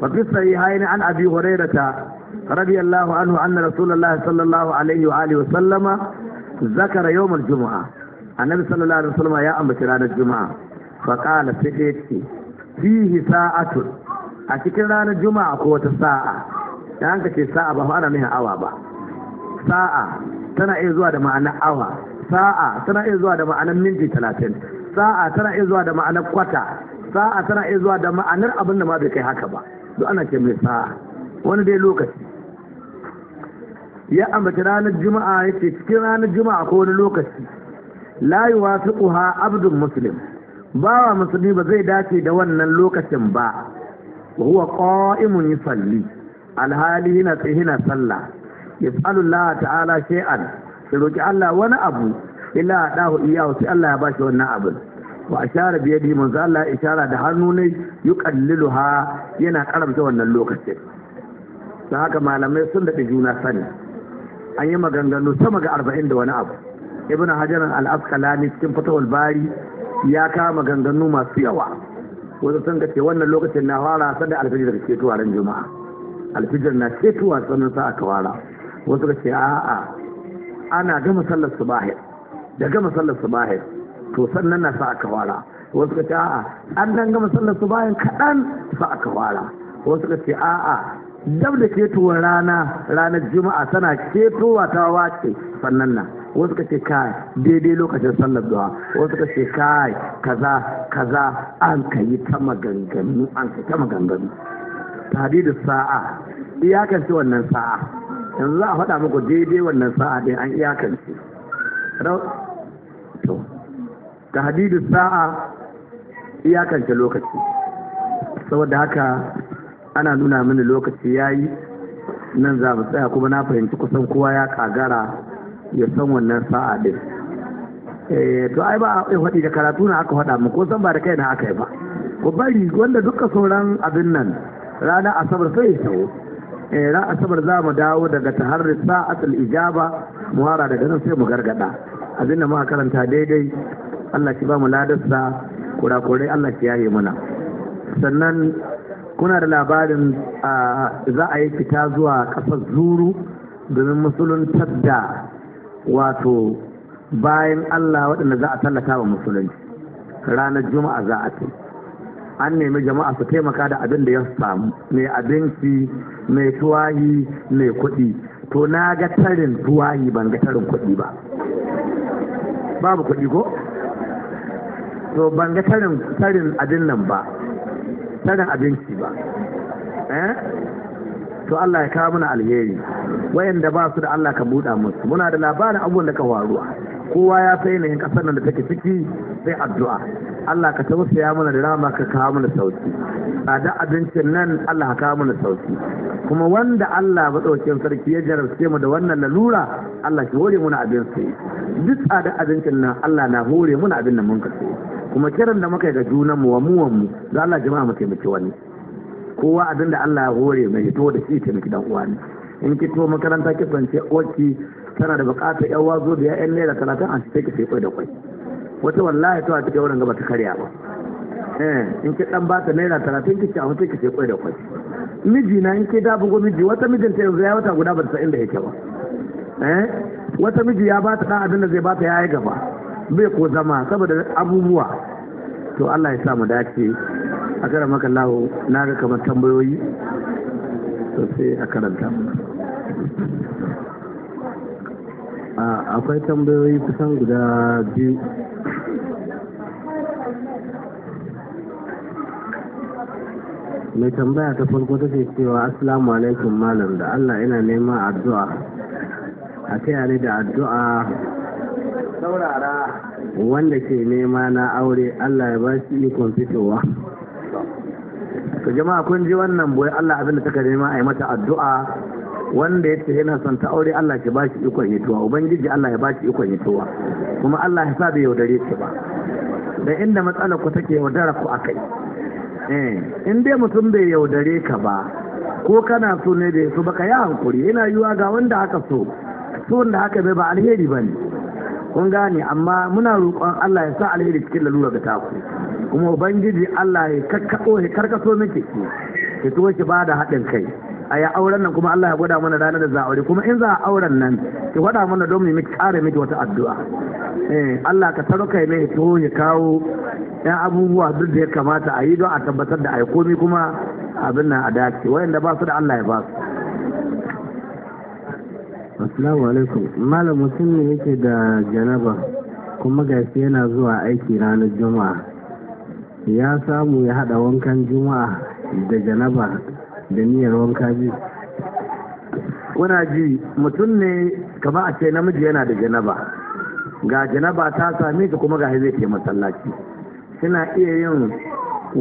S1: fa fi sahihaini an abi hurairata radiyallahu anhu anna rasulullahi sallallahu alaihi wa alihi wa sallama zakara yawmal juma'a annabi sallallahu alaihi wa sallama ya ambaci ranar juma'a fa qala sai fihi sa'atun a cikin ranar juma'a ko wata sa'a da an ce sa'a ba ana nuna awa ba sa'a tana iya zuwa da ma'ana awa sa'a tana iya zuwa da ma'anar minti talatin sa'a tana iya zuwa da ma'anar kwata sa'a tana iya zuwa da ma'anar abin da ma bai kai haka ba duk ana ce mai sa'a wani dai lokaci ya ambaci ranar juma'a ya ce cikin ranar juma'a ko wani lokaci layi wasu ƙuha abdun muslim bawa musulmi ba zai dace da wannan lokacin ba huwa qa'imun yusalli alhali yana tsaye yana sallah yas'alullah ta'ala shay'an ya roƙi Allah wani abu illa ɗahu iyawa sai Allah ya bashi wannan abin wa ashara bi yadihi manzo Allah ishara da hannu ne ha yana karamta wannan lokacin don haka malamai sun daɗe juna sani an yi maganganu sama ga arba'in da wani abu ibn hajar al-asqalani cikin fatawul bari ya kama maganganu masu yawa wasu sun ce wannan lokacin na fara sanda alfijir ke tuwa ran juma'a alfijir na ke tuwa sanin sa aka wara wasu ka ce a'a ana gama sallar subahi da gama sallar subahi to sannan na sa aka fara wasu ka ce a'a an dan gama sallar subahi kaɗan sa aka fara wasu ka ce a'a dab da ketowar rana ranar juma'a tana ketowa ta wace sannan na wasu ka ce kai daidai lokacin sallar duwa wasu ka ce kai kaza kaza an ka yi ta maganganu an ka ta maganganu tare da sa'a iyakar wannan sa'a yanzu za a faɗa muku daidai wannan sa'a ɗin an iyakance to ta hadidu sa'a iyakance lokaci saboda haka ana nuna mini lokaci ya yi nan za mu tsaya kuma na fahimci kusan kowa ya kagara ya san wannan sa'a ɗin eh, to ai ba a faɗi da karatu na aka faɗa mu ko ba da kai na aka yi ba ku bari wanda duka sauran abin nan ranar asabar sai ya sauro Eh, ran asabar za mu dawo daga taharri sa'atul ijaba mu hara daga nan sai mu gargada abinda muka karanta daidai Allah shi ba mu ladarsa kurakurai Allah shi yaye muna sannan kuna da labarin za a yi fita zuwa kasar zuru domin musuluntar da wato bayan Allah waɗanda za a tallata wa musulunci ranar juma'a za a ce an nemi jama'a su taimaka da abin da ya samu mai abinci mai tuwahi, mai kuɗi to na ga tarin tuwahi ban ga tarin kuɗi ba babu kuɗi ko to ban ga tarin tarin abin nan ba tarin abinci ba eh to Allah ya kawo mana alheri wayanda ba su da Allah ka buɗa musu muna da labarin abubuwan da ka faruwa kowa ya sai yanayin kasar nan da take ciki sai addu'a Allah ka tausaya mana da rama ka kawo mana sauki tsada abincin nan Allah ka kawo mana sauki kuma wanda Allah ba madaukakin sarki ya jarabce mu da wannan lalura Allah shi hore muna abin sai duk tsada abincin nan Allah na hore muna abin nan mun ka sai kuma kiran da muka yi ga junanmu wa mu wa mu da Allah jama'a mu taimaki wani kowa abin da Allah ya hore mai hito da shi taimaki dan uwa ne in ki tuwo makaranta ki fance wacce tana da bukatar yan wazo da yan naira talatin a cikin ki sai da kwai wata wallahi ta cikin wurin gaba ta karya ba eh in ki dan bata naira talatin ki ci a wata ki sai kwai da kwai miji na in ki da bugo miji wata ta yanzu ya wata guda ba ta inda yake ba eh wata miji ya bata dan abin da zai bata yayi gaba bai ko zama saboda abubuwa to Allah ya sa mu dace a kara maka na ga kamar tambayoyi sosai a karanta akwai tambayoyi kusan guda biyu mai tambaya ta farko ta ce cewa asalamu alaikum malam da allah ina neman addu'a a taya ni da addu'a wanda ke nema na aure allah ya ba shi ikon fitowa to jama'a kun ji wannan boye allah abinda ka nema a yi mata addu'a wanda ya ce yana son ta aure Allah ya bashi ikon hituwa ubangiji Allah ya bashi ikon hituwa kuma Allah ya sa bai yaudare shi ba da inda matsala ku take yaudara ku akai eh in dai mutum bai yaudare ka ba ko kana so ne da su baka yi hankuri yana yiwa ga wanda aka so so wanda aka bai ba alheri ba ne, kun gane amma muna roƙon Allah ya sa alheri cikin lalura ga taku kuma ubangiji Allah ya kakkaɓo ya karkaso miki ki ki so ki bada haɗin kai a ya auren nan kuma Allah ya gwada mana ranar da za kuma in za a auren nan ki gwada mana don mu miki ƙara miki wata addu'a eh Allah ka kai mai to ya kawo ɗan abubuwa duk da ya kamata a yi don a tabbatar da ai komi kuma abin nan a dace wayanda ba su da Allah ya ba su Assalamu alaikum malam mutum ne yake da janaba kuma shi yana zuwa aiki ranar juma'a ya samu ya hada wankan juma'a da janaba da niyyar wanka biyu kuna ji mutum ne kama a ce namiji yana da janaba ga janaba ta same ka kuma ga zai ke masallaci suna iya yin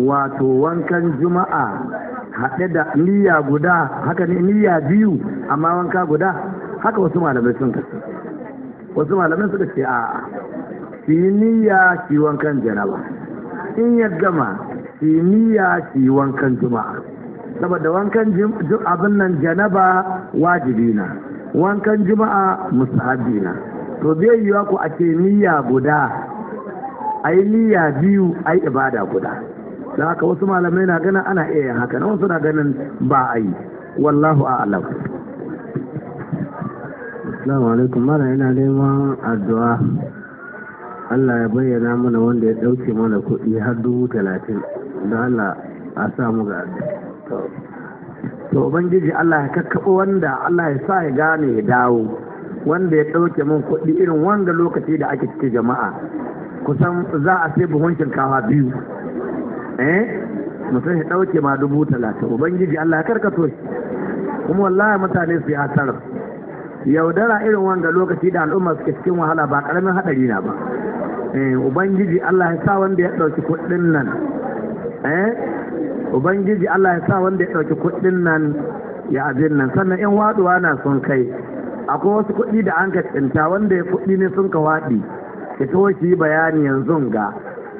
S1: wato wankan juma'a haɗe da niyya guda haka ne niyya biyu amma wanka guda haka wasu malamai sun kasu wasu malamai suka ce a shi niyya shi wankan janaba in ya gama shi niyya shi wankan juma'a saboda wankan abin nan janaba wajibi na wankan juma'a musahabi na to zai yiwa ku a ce niyya guda a yi niyya biyu a yi ibada guda da haka wasu malamai na ganin ana iya yin haka na wasu na ganin ba a yi wallahu a'lam assalamu alaikum mara yana neman addu'a Allah ya bayyana mana wanda ya ɗauke mana kuɗi har dubu talatin don Allah a samu ga addu'a to ubangiji Allah ya kakkaɓo wanda Allah ya sa ya gane ya dawo wanda ya ɗauke min kuɗi irin wanga lokaci da ake cike jama'a kusan za a sai buhun shinkafa biyu eh mutum ya ɗauke ma dubu talatin ubangiji Allah ya karkato shi kuma wallahi mutane su yi hasarar yaudara irin wanga lokaci da al'umma suke cikin wahala ba ƙaramin haɗari na ba eh, ubangiji Allah ya sa wanda ya ɗauki kuɗin nan eh ubangiji Allah ya sa wanda ya ɗauki kuɗin nan ya abin nan sannan in waduwa na sun kai akwai wasu kuɗi da an ka tsinta wanda ya kuɗi ne sun ka waɗi ya tawo shi bayani yanzu ga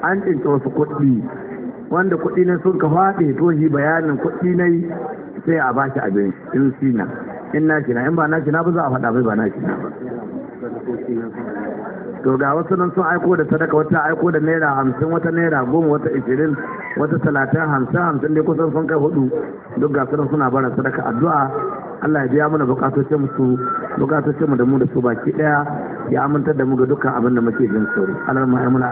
S1: an tsinta wasu kuɗi wanda kuɗi ne sun ka waɗi tawo shi bayanin kuɗi ne sai a ba shi abin in shi na in na shi na in ba na shi na ba za a faɗa bai ba na shi na ba to ga wasu nan sun aiko da sadaka wata aiko da naira hamsin wata naira goma wata ishirin wata talatin hamsin hamsin dai kusan sun kai hudu duk ga sunan suna barin sadaka addu'a Allah ya biya mana bukatocin su bukatocin mu da mu da su baki daya ya amintar da mu ga dukkan abin da muke jin tsoro Allah ma ya muna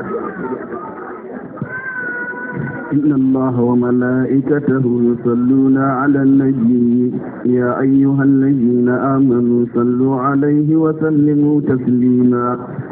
S3: إن الله وملائكته يصلون على النبي يا أيها الذين آمنوا صلوا عليه وسلموا تسليما